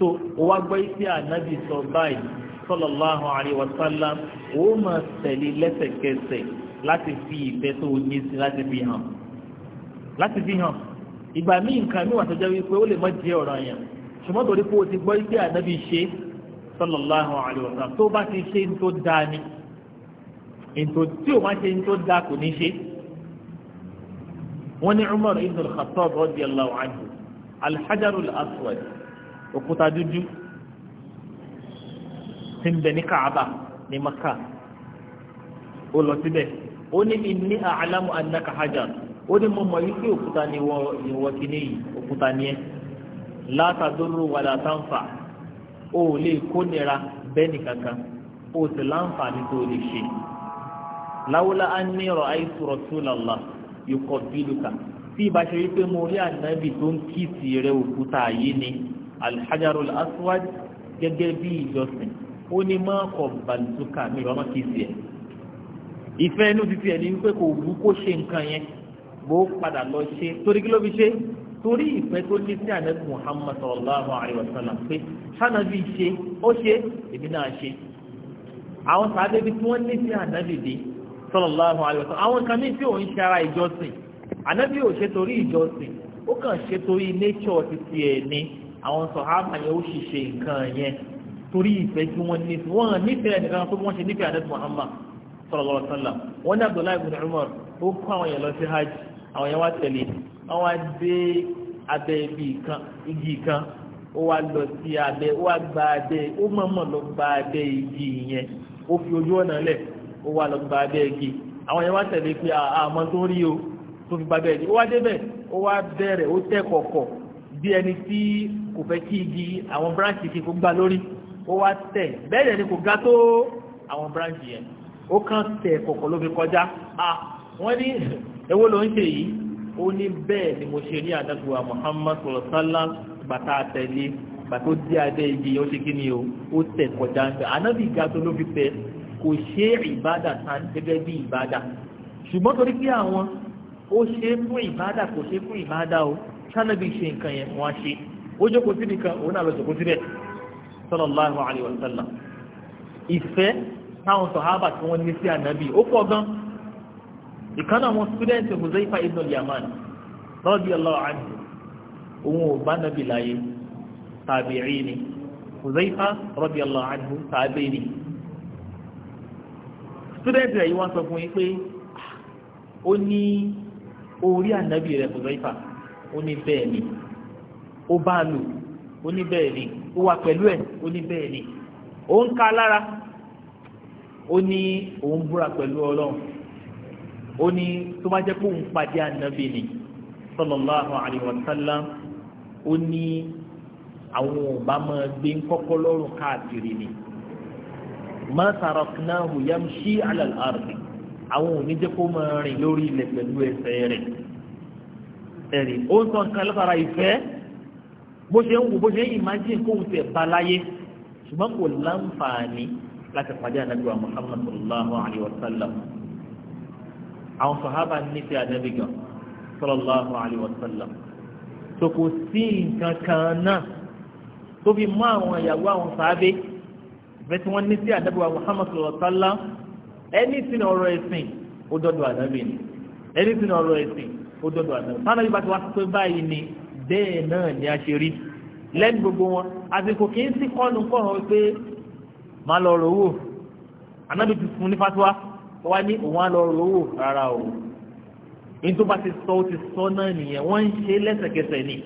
o wá gbọ́ ànábì sọ sallallahu alaihi wa sallam ó máa tẹ̀lé lẹ́sẹ̀kẹsẹ̀ láti fi ìfẹ́ tó ní sí láti fi hàn láti fi hàn ìgbà míì nǹkan mi wà tó jẹ́ wípé ó lè má jẹ́ ọ̀ràn yẹn ṣùgbọ́n torí pé o ti gbọ́ ibi ànábi ṣe sallallahu alaihi tó bá ti ṣe ní dáa ni ètò tí o máa ṣe ní dáa kò ní ṣe wọ́n ní Umar ibn al-Khattab radiyallahu aswad òkúta dúdú tí ń bẹ ní Kaaba ní Maka ó lọ síbẹ̀ ó ní inni a'lamu annaka hajar ó ní mo mọ̀ wípé òkúta ni wọ́n ti ní yìí òkúta ni ẹ́ la tadurru wala tanfa ó lè kó nira bẹ́ẹ̀ni kankan ó sì láǹfààní tó lè ṣe láwùlá á ní ra'aytu rasulallah yuqabbiluka tí ìbá ṣe wípé mo rí ànábì tó ń kíìsì rẹ òkúta yìí ni alhajarul aswad gẹ́gẹ́ bí ìjọsìn ó ní má kọ̀ bàlùtùkà mi ìrọ̀mọ́ kìí sí ẹ̀ ìfẹ́ inú títí ẹ̀ ní wípé kò wú kó ṣe nǹkan yẹn bó padà lọ ṣe torí kí ló fi ṣe torí ìfẹ́ tó ní sí ànábì Muhammad sallallahu alayhi wa sallam pé sanabi ṣe ó ṣe èmi náà ṣe àwọn sàádé bí tí wọ́n ní sí ànábì dé sallallahu alayhi wa sallam àwọn kan ní tí òun ṣe ara ìjọsìn ànábì ò ṣe torí ìjọsìn ó kàn ṣe torí nature títí ẹ̀ ní àwọn sọ̀hámà yẹn ó ṣì ṣe nǹkan yẹn torí ìfẹ́ tí wọ́n ní sí wọ́n nífẹ̀ẹ́ nìkan tó wọ́n ṣe nífẹ̀ẹ́ àdẹ́tù Muhammad sallallahu alaihi wasallam wọ́n ní Abdullahi ibn Umar ó kọ́ àwọn èèyàn lọ sí hajj àwọn èèyàn wá tẹ̀lé wọ́n wá dé abẹ́ ibi kan igi kan ó wá lọ sí abẹ́ ó wá gba abẹ́ ó mọ̀mọ̀ lọ gba abẹ́ igi yẹn ó fi ojú ọ̀nà lẹ̀ ó wá lọ gba abẹ́ igi àwọn èèyàn wá tẹ̀lé pé àmọ́ tó rí o tó fi gba abẹ́ igi ó wá débẹ̀ ó wá bẹ̀rẹ̀ ó tẹ̀ kọ̀kọ̀ bí ẹni tí kò fẹ́ kí igi àwọn bíráǹkì kí kó gbá lórí ó wá tẹ̀ bẹ́ẹ̀ ni kò ga tó àwọn branch yẹn ó kàn tẹ̀ kọ̀kọ̀ ló fi kọjá à wọ́n ní *laughs* èwo ló ń ṣe yìí ó ní bẹ́ẹ̀ ni mo ṣe rí àdàgbà Muhammad sọlọ́sálá bàtà àtẹ̀lé bàtà ó dí adé igi ó ṣe kí ni o ó tẹ̀ kọjá ń tẹ̀ ànábì ga tó ló fi tẹ̀ kò ṣe ìbádà tán gẹ́gẹ́ bí ìbádà ṣùgbọ́n torí pé àwọn ó ṣe fún ìbádà kò ṣe fún ìbádà o sánábì ṣe nǹkan yẹn wọ́n ṣe ó jókòó síbi kan òun náà lọ jókòó síbẹ̀ sallallahu alayhi wa sallam ìfẹ́ táwọn sọ̀hábà tí wọ́n ní sí ànábì ó pọ̀ gan ìkànnà àwọn sítúdẹ̀ǹtì Huzaifa ibn al-Yaman radiyallahu anhu òun ò bá nàbì láyé tàbí'í ni Huzaifa radiyallahu anhu tàbí'í ni sítúdẹ̀ǹtì rẹ̀ yìí wọ́n sọ fún yín pé ó ní orí ànábì rẹ̀ Huzaifa ó ní bẹ́ẹ̀ ni ó bá lò ó ní bẹ́ẹ̀ ni ó wà pẹ̀lú ẹ̀ ó ní bẹ́ẹ̀ ni òun ká lára ó ní òun búra pẹ̀lú ọlọ́run ó ní tó bá jẹ́ pé òun pàdé ànábì ni sallallahu alaihi wa sallam ó ní àwọn ọba máa gbé kọ́kọ́ lọ́rùn káàkiri ni ma taraknahu yamshi ala al-ardi àwọn ò jẹ́ kó máa rìn lórí ilẹ̀ pẹ̀lú ẹsẹ̀ rẹ̀ ẹ̀rí ó ń sọ nǹkan látara ìfẹ́ bó ṣe ń wò bó ṣe ń imagine kóhun tẹ̀ bá láyé ṣùgbọ́n kò láǹfààní láti pàdé ànágbà Muhammad sallallahu alayhi wa sallam àwọn sọ̀hábà nífẹ̀ẹ́ ànábì gan sallallahu alayhi wa sallam so kò sí nǹkan kan náà tó fi mú àwọn ìyàwó àwọn sàábé bẹ́ẹ̀ tí wọ́n ní sí ànábì wa Muhammad sallallahu alayhi wa sallam ẹni sínú ọ̀rọ̀ ẹ̀sìn ó dọ́dọ̀ ànábì ẹni sínú ọ̀rọ̀ ẹ̀sìn ó dọ́dọ̀ ànábì sànàbí bá ti wá pé báyìí ni bẹ́ẹ̀ náà ni a ṣe rí lẹ́nu gbogbo wọn àsìkò kì í sí kọ́nù kọ́hàn pé má lọ rówó anábì ti fún ní fatuwa ó wá ní òun á lọ rówó rárá o ní tó bá ti sọ ó ti sọ náà nìyẹn wọ́n ń ṣe lẹ́sẹ̀kẹsẹ̀ ni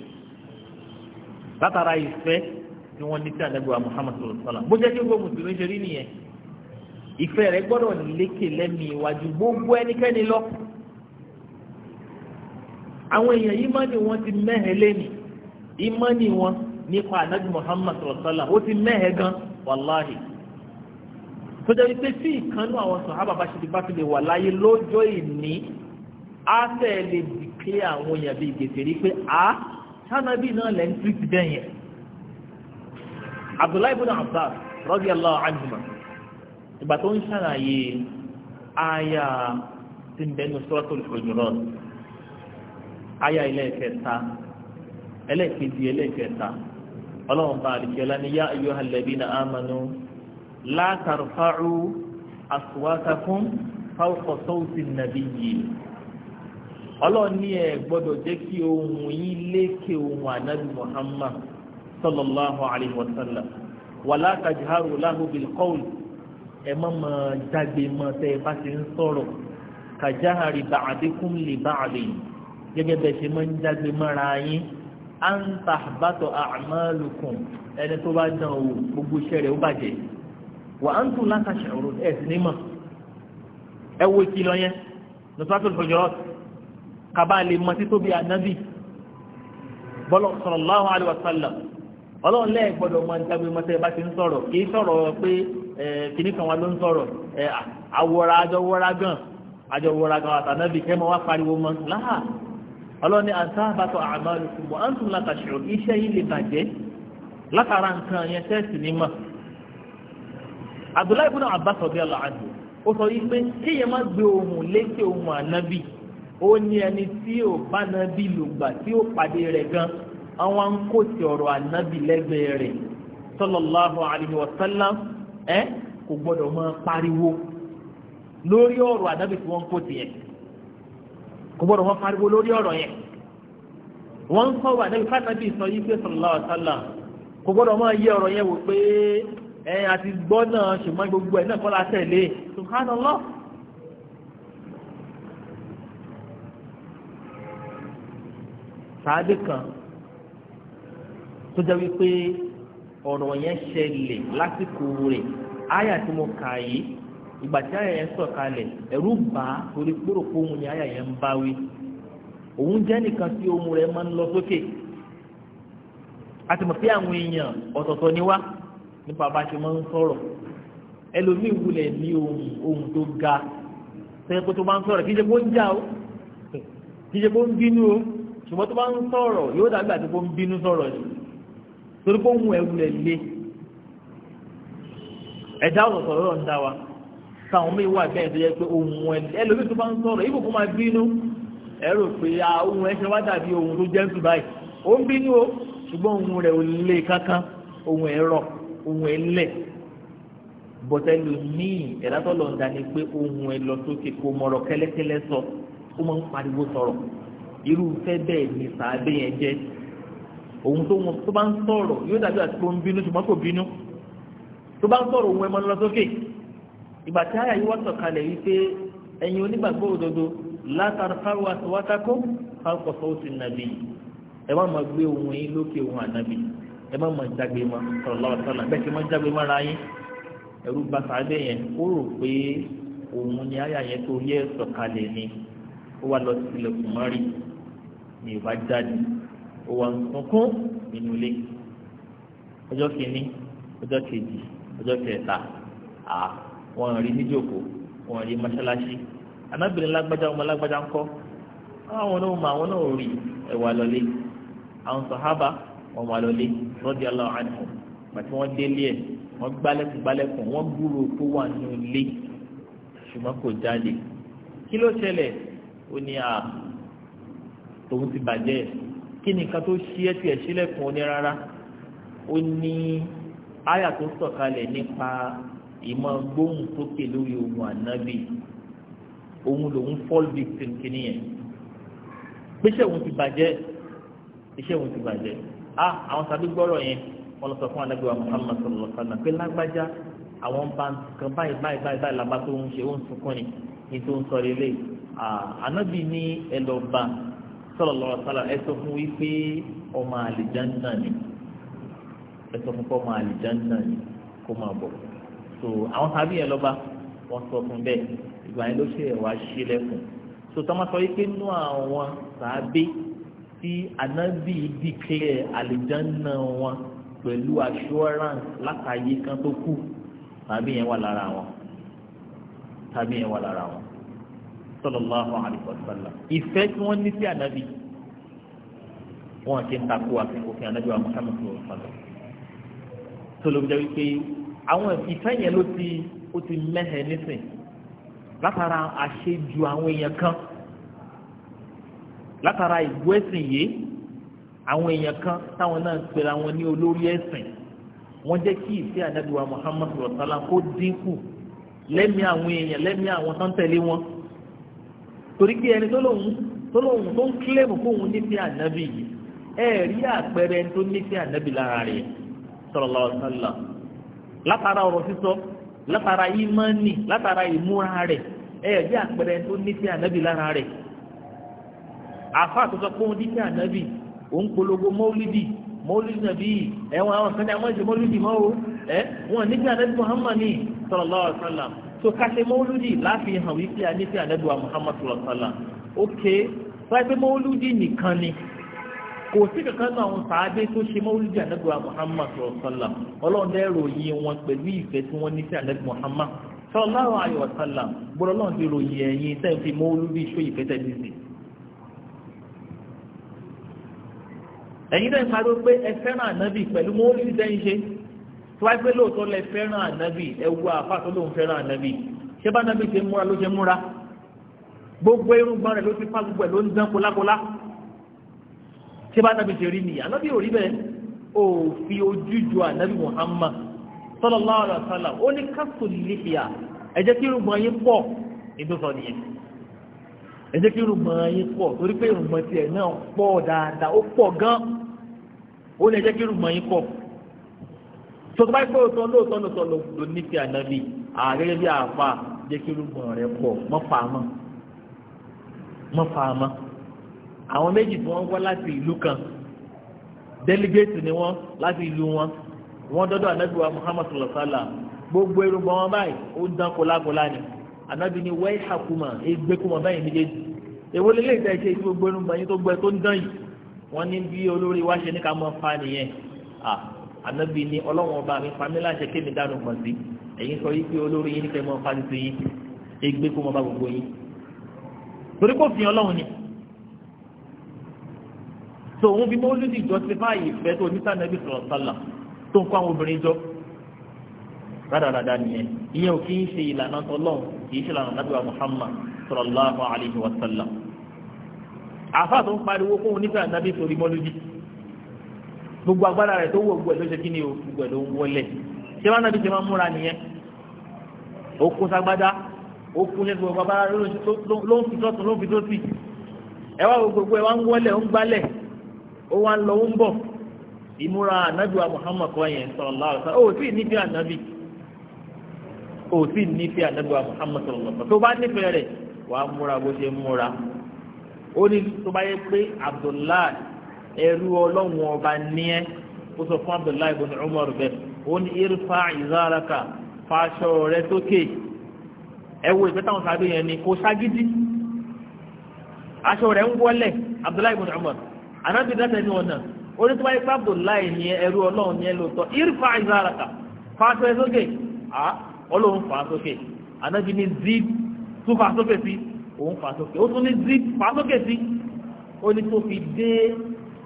látara ìfẹ́ tí wọ́n ní tí àdàgbà Muhammad sọ̀rọ̀ sọ́la bó jẹ́ kí gbogbo mùsùlùmí ṣe rí nìyẹn ìfẹ́ rẹ̀ gbọ́dọ̀ lékè lẹ́mìí iwájú gbogbo ẹnikẹ́ni lọ àwọn èèyàn yìí mọ́ni wọn ti mẹ́hẹ̀ lẹ́nu ìmọ́ni wọn nípa ànábì Muhammad sọ̀rọ̀sọ́là ó ti mẹ́hẹ̀ gan wàláhì tó jẹ́ wípé tí ìkanú àwọn sọ̀hábà bá ṣe ti bá fi lè wà láyé lọ́jọ́ ìní á fẹ́ lè dìklẹ́ àwọn èèyàn bíi gbèsè rí pé a sánábì náà lẹ́ ń tìrìtì bẹ́ẹ̀ yẹn Abdullahi ibn Abbas radiyallahu anhuma ìgbà tó ń ṣàlàyé àyà tí ń bẹnu Suratul aya ẹlẹ́ẹ̀kẹta ẹlẹ́ẹ̀kejì ẹlẹ́ẹ̀kẹta ọlọ́run bá àdìsẹ́lá ní yá ayọ́ alladhina amanu la tarfa'u aswatakum fawqa sawti an-nabiyyi ọlọ́run ní ẹ gbọ́dọ̀ jẹ́ kí ohùn yín lékè ohùn ànábì Muhammad sallallahu alayhi wa sallam wala tajharu lahu bil ẹ má máa jágbe mọ́ tẹ́ ẹ bá ti ń sọ̀rọ̀ kajahari ba'dikum li ba'din yìí gẹ́gẹ́ bẹ́ẹ̀ ṣe máa ń jágbe mọ́ra yín à ń ta àbátọ̀ àmàlùkùn ẹni tó bá dán owó gbogbo iṣẹ́ rẹ̀ ó bàjẹ́ wà á ń tún látàṣà ọ̀rọ̀ ẹ̀ sí ní mọ̀ ẹ wo ìkìlọ̀ yẹn nùsọ́tún fòjọ́ kaba lè mọ títóbi ànábì bọ́lọ̀ sallallahu alaihi wasallam ọlọ́run lẹ́ẹ̀ gbọ́dọ̀ máa ń jágbe mọ́tẹ́ bá ti ń sọ̀rọ̀ kì í sọ̀rọ̀ pé kìnnì kan sọ̀rọ̀ àwòrán àjọwọ́ra gan àjọwọ́ra ọlọ́ni àtàbàtọ̀ àmàlùkù mọ̀ àǹtùm látàṣọ iṣẹ́ yìí lè bàjẹ́ látara nǹkan yẹn tẹ́sì ní mọ̀. Abdullahi ibn Abbas radiyallahu anhu ó sọ yìí pé kéèyàn má gbé ohun lékè ohun ànábì ó ní ẹni tí ò bá nábì lògbà tí ó pàdé rẹ̀ gan àwọn ọ̀rọ̀ ànábì lẹ́gbẹ̀ẹ́ rẹ̀ wa sallam ẹ kò gbọ́dọ̀ pariwo lórí ọ̀rọ̀ ànábì tí kò gbọ́dọ̀ wọ́n pariwo lórí ọ̀rọ̀ yẹn wọ́n ń kọ́ wà níbi fásitì sọ yí pé sallallahu alaihi wasallam kò gbọ́dọ̀ máa yẹ ọ̀rọ̀ yẹn wò pé ẹ àti gbọ́ náà ṣùgbọ́n gbogbo ẹ̀ náà kọ́ la tẹ̀lé subhanallah. sáadé kan tó jẹ́ wípé ọ̀rọ̀ yẹn ṣẹlẹ̀ lásìkò rẹ̀ áyà tí mo kà yìí ìgbà tí àyà yẹn sọ̀kalẹ̀ ẹ̀rù bà á torí kúrò kó òun ni àyà yẹn ń bá wí òun jẹ́ nìkan tí ohun rẹ̀ máa ń lọ sókè àti mọ̀ pé àwọn èèyàn ọ̀tọ̀ọ̀tọ̀ ni wá nípa bá ṣe máa ń sọ̀rọ̀ ẹlòmíì wulẹ̀ ní ohun ohun tó ga sẹ́yìn pé tó bá ń sọ̀rọ̀ kí ṣe kó ń jà ó kí ṣe kó ń bínú o ṣùgbọ́n tó bá ń sọ̀rọ̀ yóò dàbí àti kó ń bínú sọ̀rọ̀ ni torí kó ń wù ẹ̀ ẹ̀dá ọ̀tọ̀ọ̀tọ̀ lọ́rọ̀ ń dá wa táwọn míì wà bẹ́ẹ̀ tó yẹ pé ohun ẹ ẹlòmíì tó bá ń sọ̀rọ̀ ibùkú máa bínú ẹ rò pé ohun ẹ ṣe wá dàbí ohun tó jẹ́ ń tùbá yìí ó ń bínú o ṣùgbọ́n ohun rẹ̀ ò lè kankan ohun ẹ rọ̀ ohun ẹ lẹ̀ bọ̀tẹ́lù míì ẹ̀dá tó lọ ń dání pé ohun ẹ lọ sókè kó mọ̀rọ̀ kẹ́lẹ́kẹ́lẹ́ sọ ó máa ń pariwo sọ̀rọ̀ irúfẹ́ bẹ́ẹ̀ ni sàábẹ́ yẹn jẹ́ òun tó wọn tó bá ń sọ̀rọ̀ yóò dàbí àti pé ó ń bínú ṣùgbọ́n kò bínú tó bá ń sọ̀rọ̀ òun ẹ mọ́ lọ sókè ìgbà tí àyà yìí wọ́n sọ̀kalẹ̀ wípé ẹ̀yin onígbàgbọ́ òdodo látara fáwọn àtiwátákó fáwọn sọ́ọ̀tì nàbí ẹ má máa gbé ohun yín lókè ohun ànábì ẹ má máa jágbe mọ́ sallallahu alaihi wasallam bẹ́ẹ̀ kí máa jágbe mọ́ra yín ẹ̀rú bá sàádé yẹn ó rò pé òun ni àyà yẹn tó yẹ sọ̀kalẹ̀ ni ó wà lọ sílẹ̀ kùmárì ni ìbá jáde ó wà nǹkan nínú ilé ọjọ́ kìíní ọjọ́ kejì ọjọ́ kẹta àá wọn rí níjòkó wọn rí mọ́ṣáláṣí anábìrin lágbájá ọmọ lágbájá ń kọ́ àwọn náà mọ àwọn náà rí ẹ̀wà lọ́lé àwọn sàhábà wọn wà lọ́lé radiyallahu anhum pàtí wọ́n délé ẹ̀ wọ́n gbálẹ̀kùn gbálẹ̀kùn wọ́n gbúrò kó wà ní ilé ṣùgbọ́n kò jáde kí ló ṣẹlẹ̀ ó ní à tòun ti bàjẹ́ kí ni nǹkan tó ṣí ẹ́ tiẹ̀ sílẹ̀kùn ó ní rárá ó ní áyà tó sọ̀kalẹ̀ nípa ìmọ̀ gbóhùn sókè lórí ohun ànábì ohun lòun fall victim kìíní yẹn gbéṣẹ́ òun ti bàjẹ́ iṣẹ́ òun ti bàjẹ́ a àwọn tàbí gbọ́rọ̀ yẹn wọn lọ sọ fún ànábì wa Muhammad sallallahu alaihi wa sallam pé lágbájá àwọn bá kan báyìí báyìí báyìí báyìí làbá tó ń ṣe ó ń sunkún ni ní tó ń sọ lélẹ̀ ànábì ní ẹlọ́ba sallallahu alaihi wa ẹ sọ fún wípé ọmọ àlìjánnà ni ẹ sọ fún kọ́ ọmọ àlìjánnà ni kó máa bọ̀ so àwọn sábì yẹn lọ́ba wọ́n sọ fún bẹ́ẹ̀ ìgbà yẹn ló ṣe ẹ̀wà ṣílẹ̀kùn so tọ́mọ sọ wípé nínú àwọn sábì tí anábì dìklẹ̀ àlìjánná wọn pẹ̀lú assurance látàyè kan tó kù sábì yẹn wà lára wọn sábì yẹn wà lára wọn sallallahu alaihi wasallam ìfẹ́ tí wọ́n ní sí ànábì wọn ti ń takò àfihàn òfin wa Muhammad sallallahu alaihi wasallam tó ló ń jẹ́ wípé àwọn ìfẹ́ yẹn ló ti ó ti mẹ́hẹ̀ nísìn látara àṣejù àwọn èèyàn kan látara ìgbó ẹ̀sìn yìí àwọn èèyàn kan táwọn náà pera wọn ní olórí ẹ̀sìn wọ́n jẹ́ kí ìfẹ́ ànábìwá muhammadu rọ̀tàlá kó dínkù lẹ́mìí àwọn èèyàn lẹ́mìí àwọn tó ń tẹ̀lé wọn torí pé ẹni tó lóun tó lóun tó ń kílẹ̀mù fóun nífẹ̀ẹ́ ànábì yìí ẹ̀ẹ́rí àpẹẹrẹ tó nífẹ̀ẹ́ ànábì lára rẹ̀ sallallahu alaihi wasallam látara ọ̀rọ̀ sísọ látara ìmọ̀ọ́nì látara ìmúra rẹ̀ ẹ̀ bí àpẹẹrẹ tó nífẹ̀ẹ́ ànábì lára rẹ̀ àfáà tó sọ pé òun nífẹ̀ẹ́ ànábì òun polongo mọ́lídì mọ́lídì nàbí ẹ̀wọ̀n àwọn kan ní àwọn ìṣe mọ́lídì mọ́ o ẹ̀ wọn nífẹ̀ẹ́ ànábì muhammadu sallallahu alaihi wa sallam tó káṣe mọ́lídì láàfin hàn wípé ànífẹ̀ẹ́ ànábì wa muhammadu sallallahu alaihi wa sallam ok fáìpé ni. Okay kò sí kankan náà àwọn sàádé tó ṣe mọ́wúlídì ànábì wa muhammad sọ̀rọ̀sọ̀là ọlọ́run dẹ́ ròyìn wọn pẹ̀lú ìfẹ́ tí wọ́n ní sí ànábì muhammad sọ̀rọ̀láwọ̀ ayọ̀sọ̀là gbọ́dọ̀ náà ti ròyìn ẹ̀yìn tẹ́ fi mọ́wúlídì ìṣó ìfẹ́ tẹ́ ní sí. ẹ̀yin náà pariwo pé ẹ fẹ́ràn ànábì pẹ̀lú mọ́wúlídì tẹ́ ṣe tó wáyé pé lóòótọ́ lẹ fẹ́ràn ànábì ẹ wo ṣé bá nàbí ṣe rí ni ànábì ò rí bẹ́ẹ̀ ò fi ojú ju ànábì Muhammad sallallahu alaihi wasallam ó ní káfù lìhìyà ẹ jẹ́ kí irùngbọ̀n yín pọ̀ ìdúsọ nìyẹn ẹ jẹ́ kí irùngbọ̀n yín pọ̀ torí pé irùngbọ̀n tiẹ̀ náà pọ̀ dáadáa ó pọ̀ gan ó ní ẹ jẹ́ kí irùngbọ̀n yín pọ̀ sọtọ́ báyìí pé òótọ́ lóòótọ́ lóòótọ́ ló ní ti ànábì àgẹ́gẹ́ bí àáfà jẹ́ kí irùngbọ̀n rẹ̀ pọ̀ mọ́ fàámọ́ mọ́ fàámọ́ àwọn méjì tí wọ́n wá láti ìlú kan délégéètì ni wọ́n láti ìlú wọn wọ́n dọ́dọ̀ anábìwá muhammad sallallahu alayhi wa sallam gbogbo wọn báyìí ó dán kólákólá ni anábì ni wẹ́ẹ́ hakuma egbékuma báyìí méjèèjì èwo lélẹ́ ìta ẹ̀ṣẹ́ ìlú gbogbo irúgbọ́n yín tó gbẹ tó ń dán yìí wọ́n ní bí olórí wa ṣe ní ká mọ́ fa nìyẹn anábì ni ọlọ́wọ́n ọba mi fa mi láṣẹ kémi dànù pọ̀ sí ẹ̀yin sọ yìí pé olórí yín ní kẹ́ mọ́ fa ti so òun fi mọ́lúdì jọ ti báyìí fẹ́ tó oníṣà nàbì sọ̀rọ̀ sálà tó ń kó àwọn obìnrin jọ rádaràdà nìyẹn ìyẹn ò kí ń ṣe ìlànà tọlọ́n kì í ṣe ìlànà nàbì wa Muhammad sallallahu alaihi wa sallam àfa tó ń pariwo kóhun nípa nàbì sórí mọ́lúdì gbogbo agbára rẹ̀ tó wọ gbogbo ẹ̀ ló ṣe kí ni o gbogbo ẹ̀ ló ń wọlé ṣé wọn nàbí ṣe máa ń múra nìyẹn ó kún sagbada ó kún lẹ́nu gbogbo agbára ló ń fi tó sí ẹ wá gbogbo ẹ wá ń wọlé ó ń gbálẹ̀ ó wá ń lọ ó ń bọ̀ ìmúra ànábìwá Muhammad kọ́ yẹn sallallahu alaihi wasallam ó sì nífẹ̀ẹ́ ànábì ó sì nífẹ̀ẹ́ ànábìwá Muhammad sallallahu alaihi wasallam tó bá nífẹ̀ẹ́ rẹ̀ wà á múra bó ṣe múra ó ní tó bá yẹ pé Abdullahi ẹrú ọlọ́run ọba ní ẹ́ ó sọ fún Abdullahi ibn Umar bẹ́ẹ̀ ó ní irfa ìzáraka fàṣọ rẹ sókè ẹ wo ìfẹ́ táwọn sábẹ́ yẹn ni kò ságídí aṣọ rẹ̀ ń wọlẹ̀ Abdullahi ibn Umar anábì dáta ẹni wọn náà orí tí wọ́n yẹ pàbò láì ní ẹrú ọlọ́run ní ẹlòótọ́ irfa ìzáraka fàṣọ ẹ sókè à ọlọ́run fà á sókè anábì ní zid tún fà á sókè sí òun fà á sókè ó tún ní zid fà á sókè sí ó ní tó fi dé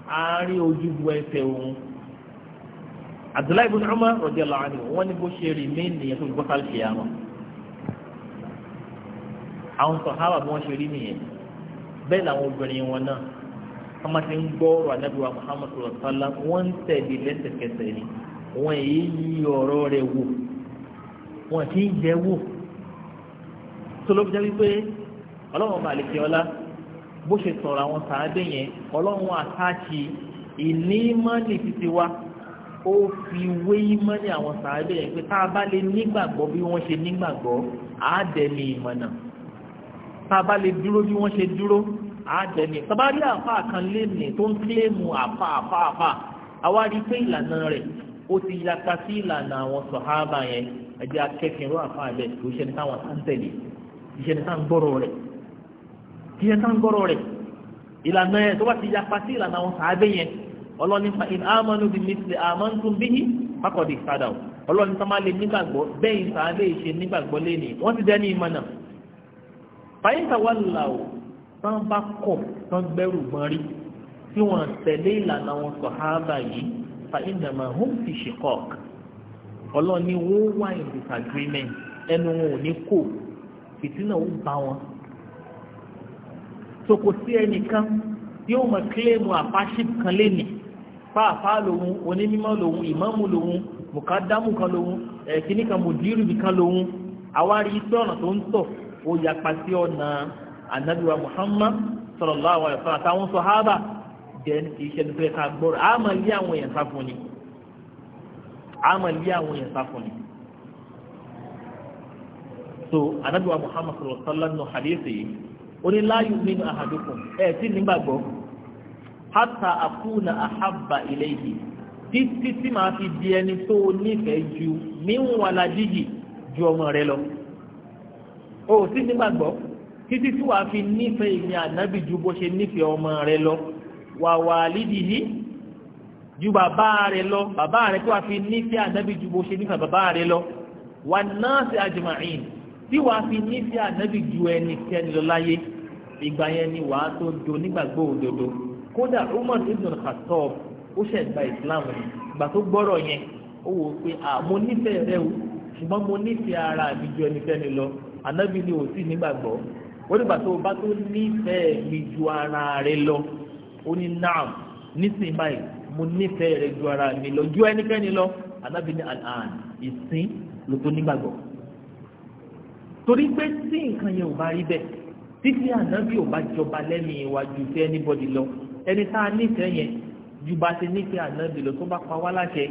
àárín ojúbọ ẹsẹ̀ òun Abdullahi ibn Umar radiyallahu anhu wọn ní bó ṣe rí mí nìyẹn tó fi bọ́sálì ṣe àwọn àwọn sọ̀hábà bí wọ́n ṣe rí nìyẹn bẹ́ẹ̀ làwọn obìnrin wọn náà ọmọ ti ń gbọ́ ọ̀rọ̀ anábìwá muhammad rọ̀sálà wọ́n ń tẹ̀lé lẹ́sẹ̀kẹsẹ̀ ni wọ́n èyí yí ọ̀rọ̀ rẹ̀ wò wọ́n ti ń yẹ wò tó ló fi jẹ́ wípé ọlọ́run ọba àlèkè ọlá bó ṣe sọ̀rọ̀ àwọn sàádé yẹn ọlọ́run àtàkì ìní mọ́nì títí wa ó fi wé mọ́nì àwọn sàádé yẹn pé tá a bá lè nígbàgbọ́ bí wọ́n ṣe nígbàgbọ́ àádẹ́ni ìmọ̀nà tá a bá lè dúró bí wọ́n ṣe dúró àádẹ́ni tabari àfa kan lé ní tó ń kílẹ̀mù àfa àfa àfa àwárí pé ìlànà rẹ̀ ó ti yàtọ̀ sí ìlànà àwọn sọ̀hábà yẹn ẹ̀jẹ̀ akẹ́kẹ̀rọ àfa rẹ̀ kò ṣe ní táwọn sáńtẹ̀lì ìṣe ní táwọn gbọ́rọ̀ rẹ̀ ṣe ní táwọn gbọ́rọ̀ rẹ̀ ìlànà yẹn tó bá ti yàtọ̀ sí ìlànà àwọn sàábẹ̀ yẹn ọlọ́ni fa in amanu bi misli amantum bihi fakọ̀dì sádà ọlọ́ni tó máa lè nígbàgbọ́ bẹ́ẹ̀ ìsàlẹ̀ ìṣe nígbàgbọ́ lé ní wọ́n ti dẹ́ ní ìmọ̀ náà fàyín tàwọn làwọ̀ tán bá kọ̀ tán gbẹ́rù gbọ́n rí tí wọ́n tẹ̀lé ìlànà wọn sàhábà yìí fa ìdàmà hum fi shiqaq ọlọ́ni wọ́n wà in disagreement ẹnu wọn ò ní kò fìtínà ó bá wọn so kò sí ẹnìkan yóò mọ̀ kílẹ̀mù àpáṣíp kan lẹ́nì fáàfá lòun onímọ̀ lòun ìmáàmù lòun mùkádámù kan lòun ẹ̀kíní kan mùdírù kan lòun àwárí iṣẹ́ ọ̀nà tó ń tọ̀ ó yapa sí ọ̀nà anabiwa muhammad sallallahu alaihi wasallam àtàwọn sọhábà jẹ́ kìí ṣe nípa ẹ̀ka gbọ́rọ̀ a máa lé àwọn èèyàn ni a máa lé àwọn ni so anabiwa muhammad sallallahu alaihi wasallam nù hadith yìí ó ní la yu'minu ahadukum ẹ̀ tí nígbàgbọ́ hata akuna ahabba ilayhi títí tí màá fi di ẹni tó nífẹ̀ẹ́ ju níwọ̀n aládìjì ju ọmọ rẹ lọ. o sì nígbàgbọ́ títí tí wàá fi nífẹ̀ẹ́ ìyẹn ànábì ju bó ṣe nífẹ̀ẹ́ ọmọ rẹ lọ wà wà lídìí ju bàbá rẹ lọ bàbá rẹ tí wàá fi nífẹ̀ẹ́ ànábì ju bó ṣe nífẹ̀ẹ́ bàbá rẹ lọ wà náà sí àjùmáyìn tí wàá fi nífẹ̀ẹ́ ànábì ju ẹnikẹ́ni lọ láyé ìgbà yẹn ni wàá tó do nígbàgbọ́ òdodo kódà Umar ibn Khattab ó ṣẹ̀ gba ìsìláàmù ìgbà tó gbọ́rọ̀ yẹn ó wò ó pé mo nífẹ̀ẹ́ rẹ o ṣùgbọ́n mo nífẹ̀ẹ́ ara mi ẹnikẹ́ni lọ ànábì ni ò sí nígbàgbọ́ ó dìgbà tó o bá tó nífẹ̀ẹ́ mi ju ara rẹ lọ ó ní náà nísìnyí báyìí mo nífẹ̀ẹ́ rẹ ju ara mi lọ ju ẹnikẹ́ni lọ anábì ní àlàn ìsín ló tó nígbàgbọ́ torí pé tí nǹkan yẹn ò bá rí bẹ́ẹ̀ títí ànábì ò bá jọba lẹ́mìí iwájú fẹ́ anybody lọ ẹni tá a nífẹ̀ẹ́ yẹn ju bá ti nífẹ̀ẹ́ ànábì lọ tó bá pa wá láṣẹ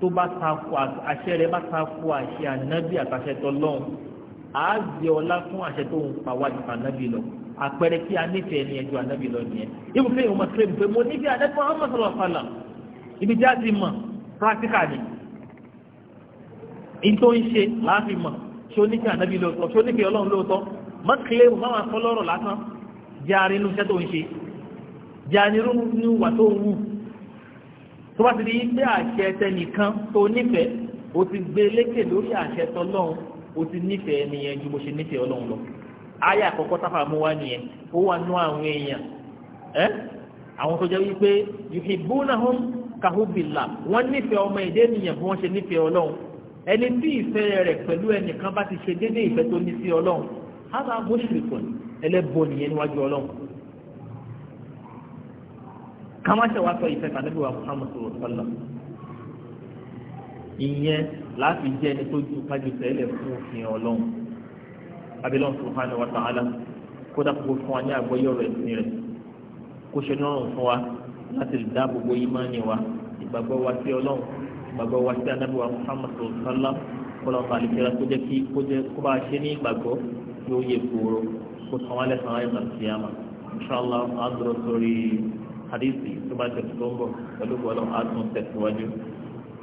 tó bá ta ko àṣẹ rẹ bá ta ko àṣẹ ànábì àtàṣẹ tọ́lọ́run àágbé ọlá fún àṣẹ tó ń pa wájú ànábì lọ àpẹẹrẹ kí a nífẹ̀ẹ́ ní ẹjọ́ ànábì lọ nìyẹn ibi fún ìwọ̀n mọ̀tẹ́rẹ́ mi pé mo nífẹ̀ẹ́ ànábì Muhammad sallallahu alaihi wasallam ibi tí a mọ̀ pírátíkà ni in tó ń ṣe láàfin mọ̀ ṣé o nífẹ̀ẹ́ ànábì lóòótọ́ ṣé o nífẹ̀ẹ́ ọlọ́run lóòótọ́ mọ̀tẹ́rẹ́ mi máa sọ lọ́rọ̀ lásán jaari inú iṣẹ́ tó ń ṣe jaari inú wà tó ń wù tó bá ti di pé àṣẹ tẹnìkan tó nífẹ̀ẹ́ o ti gbé lékè lórí àṣẹ tọlọ́run o ti nífẹ̀ẹ́ nìyẹn ju bó ṣe nífẹ̀ẹ́ ọlọ́run lọ ayé àkọ́kọ́ táfà mú wá nìyẹn ó wà nú àwọn èèyàn ẹ́ àwọn tó jẹ́ wípé yuhibbunahum kahubbillah wọ́n nífẹ̀ẹ́ ọmọ èdè nìyẹn bí wọ́n ṣe nífẹ̀ẹ́ ọlọ́run ẹni tí ìfẹ́ rẹ̀ pẹ̀lú ẹnìkan bá ti ṣe déédéé ìfẹ́ tó ní sí ọlọ́run hábà mushrikun ẹlẹ́bọ nìyẹn níwájú ọlọ́run ká má sọ ìfẹ́ tàbí wà Muhammadu sallallahu ìyẹn láti jẹ́ ẹni tó ju kájú sẹ́lẹ̀ fún òfin ọlọ́run abilọ́n subhanahu wa ta'ala kódà kó fún wa ní àgbọ́yé ọ̀rọ̀ ẹ̀sìn rẹ̀ kó ṣe nírọ̀rùn fún wa láti lè dá gbogbo ìmánì wa ìgbàgbọ́ wa sí ọlọ́run ìgbàgbọ́ wa sí ànábì wa Muhammad sọ̀rọ̀sálá kọ́lọ́ bá lè kíra kó jẹ́ kí kó jẹ́ kó bá ṣe ní ìgbàgbọ́ kí ó yẹ kóró kó tán wá lẹ́sàn-án ayé màá sí àmà inṣàlá àdúrà sórí hadisi tó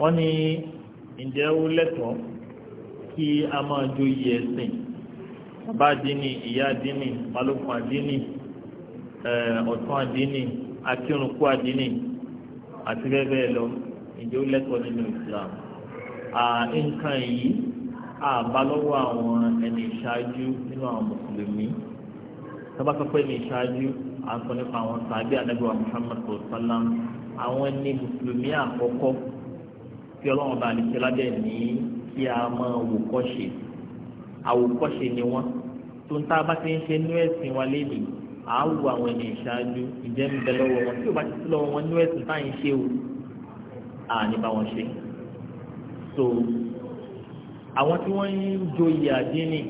wọ́n ní ǹjẹ́ ó lẹ́tọ̀ọ́ kí a máa jó iye ẹ̀sìn bàbá àdínì ìyá àdínì balógun àdínì ọ̀tún àdínì akírùnkù àdínì àti bẹ́ẹ̀ bẹ́ẹ̀ lọ ǹjẹ́ ó lẹ́tọ̀ọ́ nínú Islam nǹkan yìí àbá lọ́wọ́ àwọn ẹni ìṣáájú nínú àwọn mùsùlùmí tọ́ba sọ pé ẹni ìṣáájú à àwọn sàbí àdàgbà Muhammad sallam àwọn ẹni mùsùlùmí àkọ́kọ́ tí ọlọ́run bá ní ṣe lábẹ́ ní kí a máa wòkọ́ṣe àwòkọ́ṣe ni wọ́n tó ń tá a bá ti ń ṣe nú ẹ̀sìn wa lédè à á wo àwọn ẹni ìṣáájú ìjẹ́ ń bẹ lọ́wọ́ wọn tí ò bá ti sí lọ́wọ́ wọn nú ẹ̀sìn tá à ń ṣe o à ní bá wọn ṣe so àwọn tí wọ́n ń joyè àdínì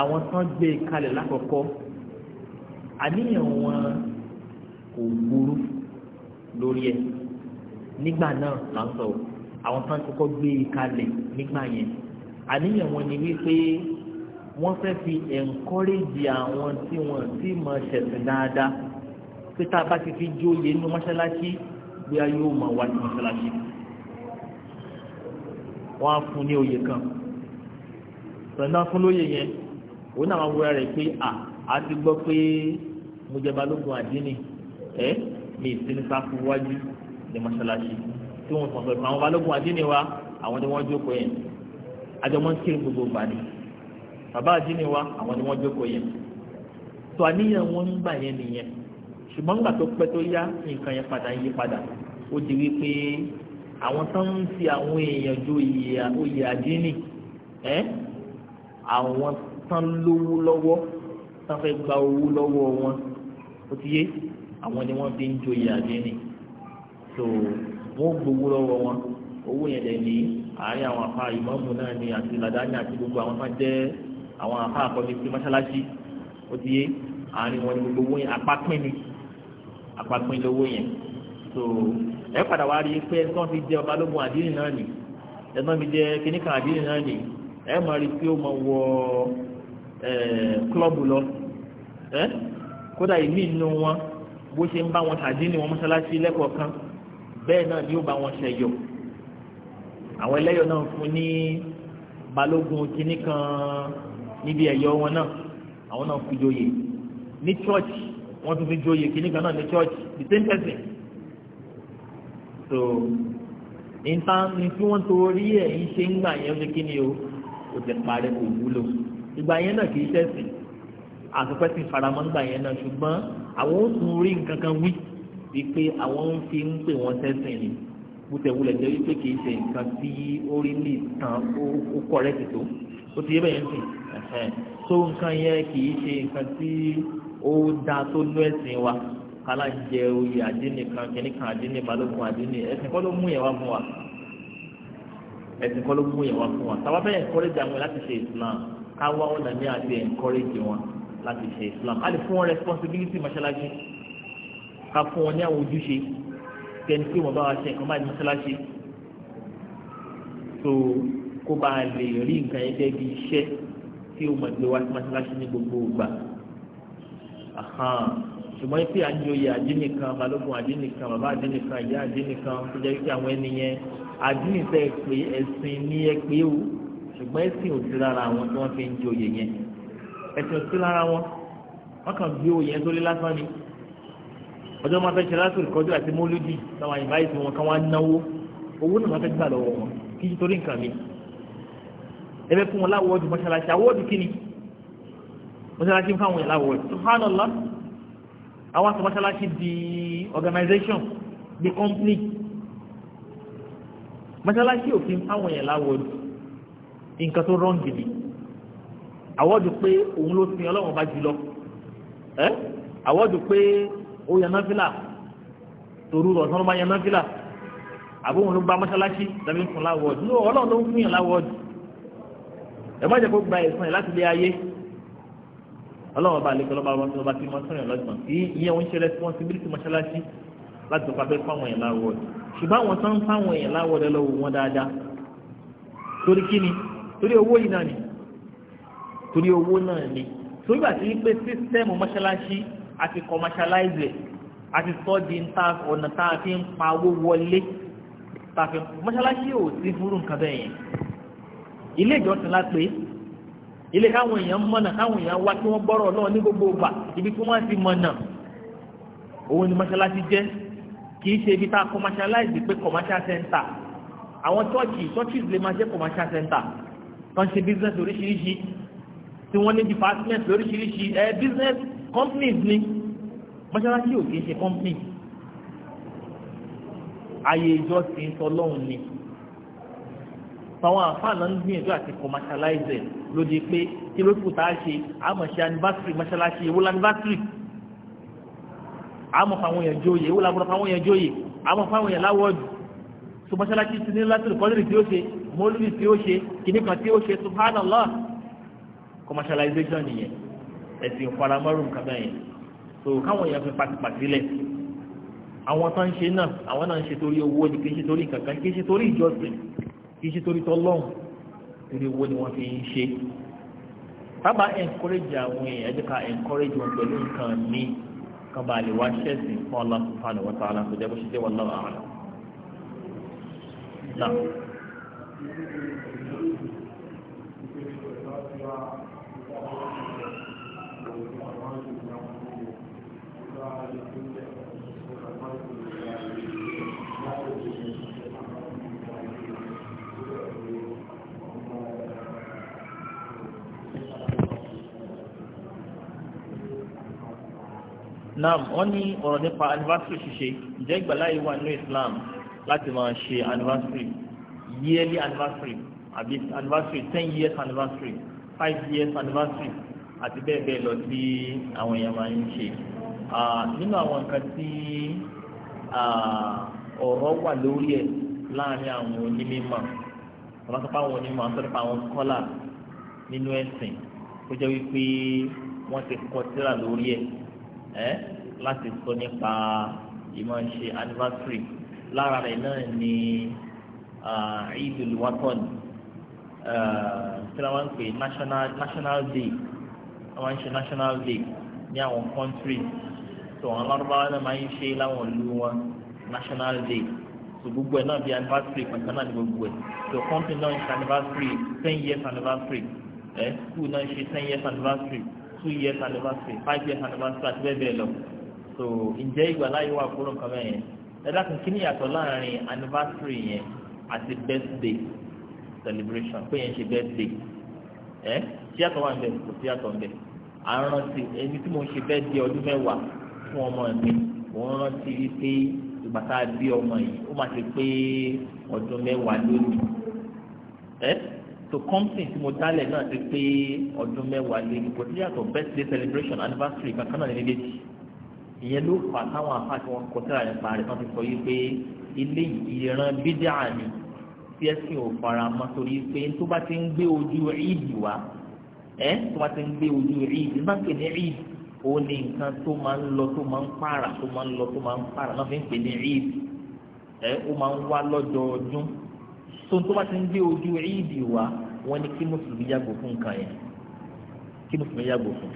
àwọn tán gbé e kalẹ̀ lákọ̀ọ́kọ́ àníyàn wọn kò burú lórí ẹ̀ nígbà náà là ń sọ àwọn kan kọ́kọ́ gbé e kalẹ̀ nígbà yẹn àníyàn wọn ni wípé wọ́n fẹ́ fi ẹ̀ńkọ́rẹ́jì àwọn tí wọ́n ti mọ̀ ṣẹ̀sìn dáadáa pé tá a bá ti fi jóye nínú mọ́ṣáláṣí bí a yóò mọ̀ wá ní mọ́ṣáláṣí wọ́n á fún ní oyè kan sọ̀nà fún lóye yẹn òun náà máa wúra rẹ̀ pé à á ti gbọ́ pé mo jẹ balógun àdínì ẹ́ mi ìsinmi sáfù wájú ní mọ́ṣáláṣí tí wọ́n sọ̀tọ̀ ìfọ̀ àwọn balógun àdínníwa àwọn ni wọ́n jókòó yẹn àjọmọ́ ń kí gbogbo gbà ní bàbá àdínníwa àwọn ni wọ́n jókòó yẹn tó àníyàn wọn ń gbà yẹn nìyẹn ṣùgbọ́n nígbà tó pẹ́ tó yá nǹkan yẹn padà ń yí padà ó di wípé àwọn tó ń fi àwọn èèyàn ju oyè àdínní ẹ́ àwọn tán lówó lọ́wọ́ tán fẹ́ gba owó lọ́wọ́ wọn ó ti yé àwọn ni wọ́n fi ń joyè àdínní tó wọ́n gbowó lọ́wọ́ wọn owó yẹn dẹ̀ ní àárín àwọn apá ìmọ̀ọ́mù náà ni àti làdáni àti gbogbo àwọn máa jẹ́ àwọn apá àkọ́bí sí mọ́ṣáláṣí ó ti yé àárín wọn ni gbogbo owó yẹn apá pín ni apá pín lówó yẹn tó ẹ padà wá rí i pé ẹ̀sán fi jẹ ọba lógun àdínì náà nì ẹ̀sán fi jẹ kíníkà àdínì náà nì ẹ mọ̀ rí i pé ó mọ̀ wọ kílọ̀bù lọ kódà ìmí inú wọn bó ṣe ń bá wọn tàdínì wọn mọ́ṣáláṣí lẹ́kọ̀ọ́ kan bẹ́ẹ̀ náà ni ó bá wọn ṣẹyọ àwọn ẹlẹ́yọ̀ náà fún ní balógun kínní kan níbi ẹ̀yọ̀ wọn náà àwọn náà fi joyè ní chọ́ọ̀chì wọ́n tún fi joyè kínní kan náà ní chọ́ọ̀chì the same person so nǹkan ni tí wọ́n torí ẹ̀ ń ṣe ń gbà yẹn ó ṣe kí ni o kò tẹ̀ parẹ́ kò wúlò ìgbà yẹn náà kì í ṣẹ̀sìn àtúpẹ́sìn faramọ́ ń gbà yẹn náà ṣùgbọ́n àwọn ó tún rí nǹkan kan wí wípé àwọn ń fi ń pè wọ́n sẹ́sìn ni bùtẹ̀wulẹ̀ jẹ́ wípé kì í ṣe nǹkan tí ó rí lè tán ó kọ̀rẹ́tì tó ó ti yé bẹ́ẹ̀ ń sìn so nǹkan yẹn kì í ṣe nǹkan tí ó da tó nú ẹ̀sìn wa kálá jẹ oyè àdínì kan kìíní kan àdínì balógun àdínì ẹ̀sìn kọ́ ló mú yẹn wá fún wa ẹ̀sìn kọ́ ló mú yẹn wá fún wa tàbá bẹ́ẹ̀ ẹ̀kọ́rẹ́jì àwọn láti ṣe Islam káwá ọ̀nà ní àti ẹ̀kọ́rẹ́jì wọn láti ṣe Islam a lè fún wọn responsibility mọ́ṣáláṣí ká fún wọn ní àwọn ojúṣe tẹni tí wọn bá wa ṣe nǹkan báyìí mọ́ṣáláṣí tó kó bá a lè rí nǹkan yẹn gẹ́gẹ́ bí iṣẹ́ tí o mọ̀ gbé wá sí mọ́ṣáláṣí ní gbogbo ìgbà ṣùgbọ́n pé àjòyè àdínì kan balógun àdínì kan bàbá àdínì kan ìyá àdínì kan tó jẹ́ pé àwọn ènìyàn àdínì tẹ́ pé ẹ̀sìn ní ẹ pé o ṣùgbọ́n ẹ̀sìn ò sí lára àwọn tí wọ́n fi ń joyè yẹn ẹ̀sìn ò sí lára wọn wọ́n kàn gbé oyè ẹ̀ tó lé lásán ni ọjọ́ máa fẹ́ ṣe látò ìkọjú àti mólúdì táwọn àyìnbá yìí tí wọn kàn wá náwó owó náà máa fẹ́ gbà lọ́wọ́ wọn kí n torí nǹkan mi ẹ bẹ fún wọn láwọ́ọ̀dù mọ́ṣáláṣí àwọ́ọ̀dù kí ni mọ́ṣáláṣí ń fáwọn yẹn láwọ́ọ̀dù subhanallah àwọn àti mọ́ṣáláṣí di organization di company mọ́ṣáláṣí òfin fáwọn yẹn láwọ́ọ̀dù nǹkan tó rán gidi àwọ́ọ̀dù pé òun ló sin ọlọ́run bá jùlọ ẹ́ àwọ́ọ̀dù pé ó yan náfìlà torú rọ̀ sọ́nà bá yan náfìlà àbóhùn ló bá mọ́ṣáláṣí tàbí fún láwọ́ọ̀dù ní ọlọ́run ló ń fún yàn láwọ́ọ̀dù ẹ má jẹ́ kó gba ẹ̀sán ẹ̀ láti lé ayé ọlọ́run bá lẹ́kọ̀ọ́ lọ́ba wọn lọ́ba tí wọ́n sọ̀rọ̀ lọ́gbọ̀n kí ìyẹn wọn ṣe responsibility mọ́ṣáláṣí láti tọ́ka fẹ́ fáwọn yẹn láwọ́ọ̀dù ṣùgbọ́n àwọn tán fáwọn yẹn láwọ́ọ̀dù lọ́wọ́ wọn dáadáa torí kí ni torí owó yìí náà ni torí owó náà ni torí bàtí wípé sísẹ́mù mọ́ṣáláṣí àti commercialize ẹ̀ àti sọ́ọ̀dì ọ̀nà tá a fi ń pa owó wọlé tá a fi ń pa mọ́ṣáláṣí ò sí fúrú nǹkan bẹ́ẹ̀ yẹn ilé ìjọsìn la pé ilé káwọn èèyàn mọ̀nà káwọn èèyàn wá kí wọ́n gbọ́rọ̀ náà ní gbogbo ìgbà ibi tí wọ́n ti mọ̀nà òun ni mọ́ṣáláṣí jẹ́ kì í ṣe ibi tá a commercialize pé commercial center àwọn chọ́ọ̀kì churches lè máa jẹ́ commercial center tó ń ṣe business oríṣiríṣi tí wọ́n ní department lóríṣiríṣi ẹ business companies ni mọ́ṣáláṣí ò kì í ṣe company ààyè ìjọsìn tọlọ́hún ni fáwọn àfáàná ń gbìyànjú àti commercialize ẹ̀ lóde pé kí ló kù tá a ṣe àmọ̀ ṣe anniversary mọ́ṣáláṣí èwo anniversary àmọ̀ fáwọn èèyàn jóye èwo làbúrò fáwọn èèyàn jóye àmọ́ fáwọn yẹn láwọ́dù tó mọ́ṣáláṣí ti ní látìlù kọ́lìrì tí ó ṣe mọ́lìrì tí ó ṣe kìnnìkan tí ó ṣe subhanallah commercialization nìyẹn ẹ̀sìn faramọ́rù nǹkan bẹ́ẹ̀ so káwọn èèyàn fi pàtìpàtì lẹ̀ àwọn tó ń ṣe náà àwọn náà ń ṣe torí owó ni kì í ṣe torí kankan kì í ṣe torí ìjọsìn kì í ṣe torí tọ́lọ́hùn torí owó ni wọ́n fi ń ṣe sábà encourage àwọn èèyàn ẹ̀jẹ̀ ká encourage wọn pẹ̀lú nǹkan míì kan bá lè wá ṣẹ́sìn fún Allah subhanahu wa ta'ala kò jẹ́ bó ṣe jẹ́ wọn lọ́wọ́ àwọn náà. Thank you. naam wọ́n ní ọ̀rọ̀ nípa anniversary ṣíṣe ǹjẹ́ ìgbàláyé wà nínú islam láti máa ṣe anniversary yearly anniversary àbí anniversary ten years anniversary five years anniversary àti bẹ́ẹ̀ bẹ́ẹ̀ lọ sí àwọn èèyàn máa ń ṣe. Ah, nínú àwọn nǹkan tí ah, ọ̀rọ̀ wà lórí ẹ̀ láàrin àwọn onímọ̀ ọlọ́sọ̀pá àwọn onímọ̀ àtọ́nípa àwọn kọ́là nínú ẹ̀sìn kó jẹ́ wípé wọ́n ti kọ tírà lórí ẹ̀ láti sọ nípa ìmọ̀ọ́ṣe anniversary lára rẹ̀ náà ni ah, Eidul Watan tí wọ́n ń pè national day wọ́n ń ṣe national day ní àwọn countries tó àwọn alárúbáwá náà máa ń ṣe láwọn ìlú wọn national day so gbogbo ẹ̀ náà bíi anniversary kankan náà ni gbogbo ẹ̀ so company náà ń ṣe anniversary ten years anniversary ẹ̀ school náà ń ṣe ten years anniversary two years anniversary five years anniversary àti bẹ́ẹ̀ bẹ́ẹ̀ lọ so ǹjẹ́ ìgbà láyé wà fún nǹkan bẹ́ẹ̀ yẹn ẹ dákun kí ni yàtọ̀ láàrin anniversary yẹn àti birthday celebration pé yẹn ṣe birthday ẹ ṣíyàtọ̀ wà ń bẹ̀ kò ṣíyàtọ̀ ń bẹ̀ àrántí ẹni tí mo ń ṣe birthday ọdún mẹ́wàá fún ọmọ mi mo ń rántí wípé ìgbà tá a bí ọmọ yìí ó máa ti pé ọdún mẹ́wàá lónìí ẹ so company tí mo dálẹ̀ náà ti pé ọdún mẹ́wàá lónìí kò sí yàtọ̀ birthday celebration anniversary kankan náà ní méjèèjì ìyẹn ló fà táwọn afá tí wọ́n kọ síra nípa rẹ̀ wọ́n ti sọ yìí pé ilé ìran bídíà ni tí ẹsìn ò fara mọ́ torí pé tó bá ti ń gbé ojú ìdì wá ẹ tó bá ti ń gbé ojú ìdì má pè ní ìdì ó ní nǹkan tó máa ń lọ tó máa ń pààrà tó máa ń lọ tó máa ń pààrà náà fi ń pè ní eid ẹ ó máa ń wá lọ́dọọdún tó ń tó bá ti ń dé ojú eid wá wọn ní kí mùsùlùmí yàgò fún nǹkan yẹn kí mùsùlùmí yàgò fún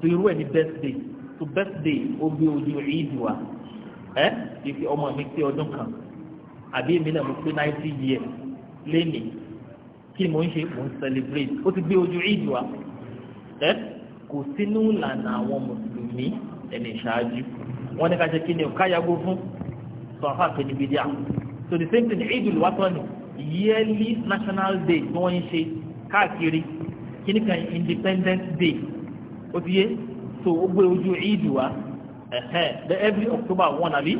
tó irú ẹ̀ ní birthday tó birthday ó gbé ojú eid wá ẹ ìfi ọmọ mi pé ọdún kan àbí èmi náà mo pé ninety years lẹ́nìí kí ni mo ń ṣe mo ń celebrate ó ti gbé ojú eid wá ẹ. Eh? kò sínú ìlànà àwọn mùsùlùmí ẹni ìṣáájú wọ́n ní ká ṣe kí ni ká fún sọ àfáà so the same thing Eidul Watani yearly national day tí wọ́n ń ṣe káàkiri kí ni kan independence day ó ti yé so ó gbé ojú Eid wa ẹ̀hẹ́n every October one àbí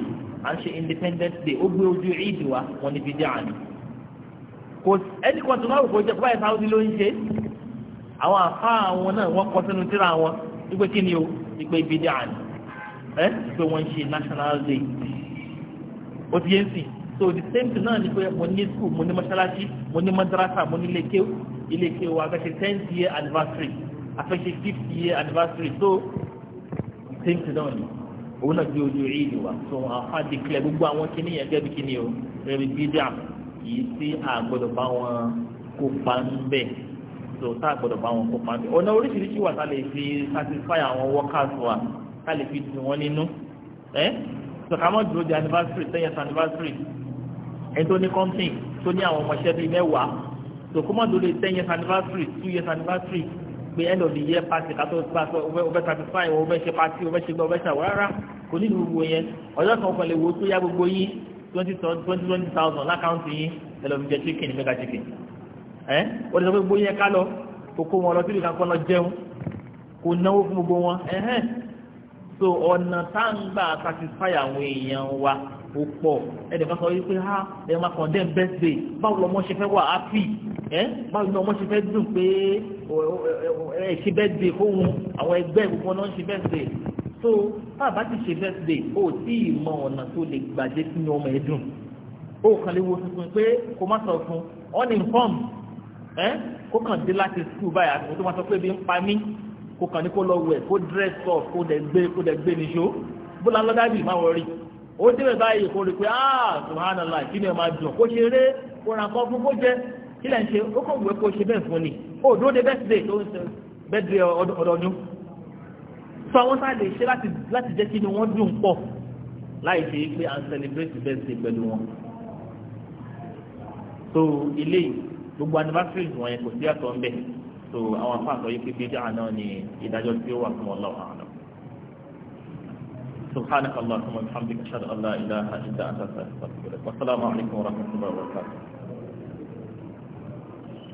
à ń ṣe independence day ó gbé ojú Eid wa wọ́n níbi díà ni kò ẹnì kan tó náà kò jẹ́ pé báyìí sáwọ́dí ló ń ṣe àwọn àfa àwọn náà wọ́n kọ́ sínú tíra wọn wípé kí ni o wípé ibi dí àná ẹ pé wọ́n ṣe national day ó ti yé ń so the same thing náà ni pé mo ní school mo ní mọ́ṣáláṣí mo ní mọ́dárásà mo ní ilé-ìké ilé-ìké wa fẹ́ tenth year anniversary a fẹ́ ṣe fifth year anniversary so same thing náà ni òun náà gbé ojú ìlú wa so àfa declare gbogbo àwọn kíní yẹn gẹ́gẹ́ bí kíní o rẹ̀ bí bídà yìí sí àgbọ̀dọ̀ bá wọn kópa ń bẹ̀ tó tá a gbọ́dọ̀ bá wọn kópa bẹ́ẹ̀ ọ̀nà oríṣiríṣi wà tá a lè fi satisfy àwọn workers wa tá a lè fi dùn wọn nínú ẹ́ sọ̀kàmọ́ dúró di anniversary ten years anniversary ẹni tó ní company tó ní àwọn ọmọọṣẹ́ bíi mẹ́wàá sọ̀kọ́mọ́ dúró di ten years anniversary two years anniversary pé end of the year party kátó pàṣẹ ọbẹ̀ satisfy wọn ọbẹ̀ ṣe party ọbẹ̀ ṣe gbọ́ ọbẹ̀ ṣe àwọn rárá kò ní gbogbo yẹn ọjọ́ kan kan lè wo tó yá gbogbo yín twenty twenty thousand lákàntì yín ẹ lọ fi jẹ chicken mega chicken ẹ́ ó lè sọ pé gbóyẹ ká lọ kò kó wọn lọ síbi kan kọ́ lọ jẹun kò náwó fún gbogbo wọn ẹ̀hẹ́n so ọ̀nà tá ń gbà satisfy àwọn èèyàn wa ó pọ̀ ẹnì kan sọ wípé ha ẹ máa condemn birthday báwo lọmọ ṣe fẹ́ wà happy ẹ báwo lọmọ ṣe fẹ́ dùn pé ẹ ṣe birthday fóun àwọn ẹgbẹ́ gbogbo náà ń ṣe birthday so bàbá ti ṣe birthday ó tí ì mọ ọ̀nà tó lè gbàdé sínú ọmọ ẹ̀dùn ó kàn lè wo tuntun pé kó má sọ fún uninformed ẹ́ kó kàn dé láti skul báyìí àti tó máa sọ pé bí ń pa mí kó kàn ní kó lọ wẹ̀ kó dress up kó dẹ̀ gbé kó dẹ̀ gbé níṣó bóla lọ́dábì má wọ̀ rí ó débẹ̀ báyìí kó rí pé ah subhanallah kí ni ẹ máa dùn kó ṣeré kó ra kọ́ fún kó jẹ kí lẹ́ ń ṣe ó kàn wẹ́ kó ṣe bẹ́ẹ̀ fún ni ó dúró de birthday tó ń ṣe birthday ọdọọdún sọ àwọn sáà lè ṣe láti jẹ́ kí ni wọ́n dùn pọ̀ láì ṣe pé à ń celebrate birthday pẹ̀lú wọn so eléyìí gbogbo anniversary wọn yẹn kò sí àtọ̀ ń bẹ̀ so àwọn afa àtọ̀ yìí pé bíi dáhà náà ni ìdájọ́ tí ó wà fún wallahu a'lam. سبحانك اللهم وبحمدك اشهد ان لا اله الا انت استغفرك والسلام عليكم ورحمه الله وبركاته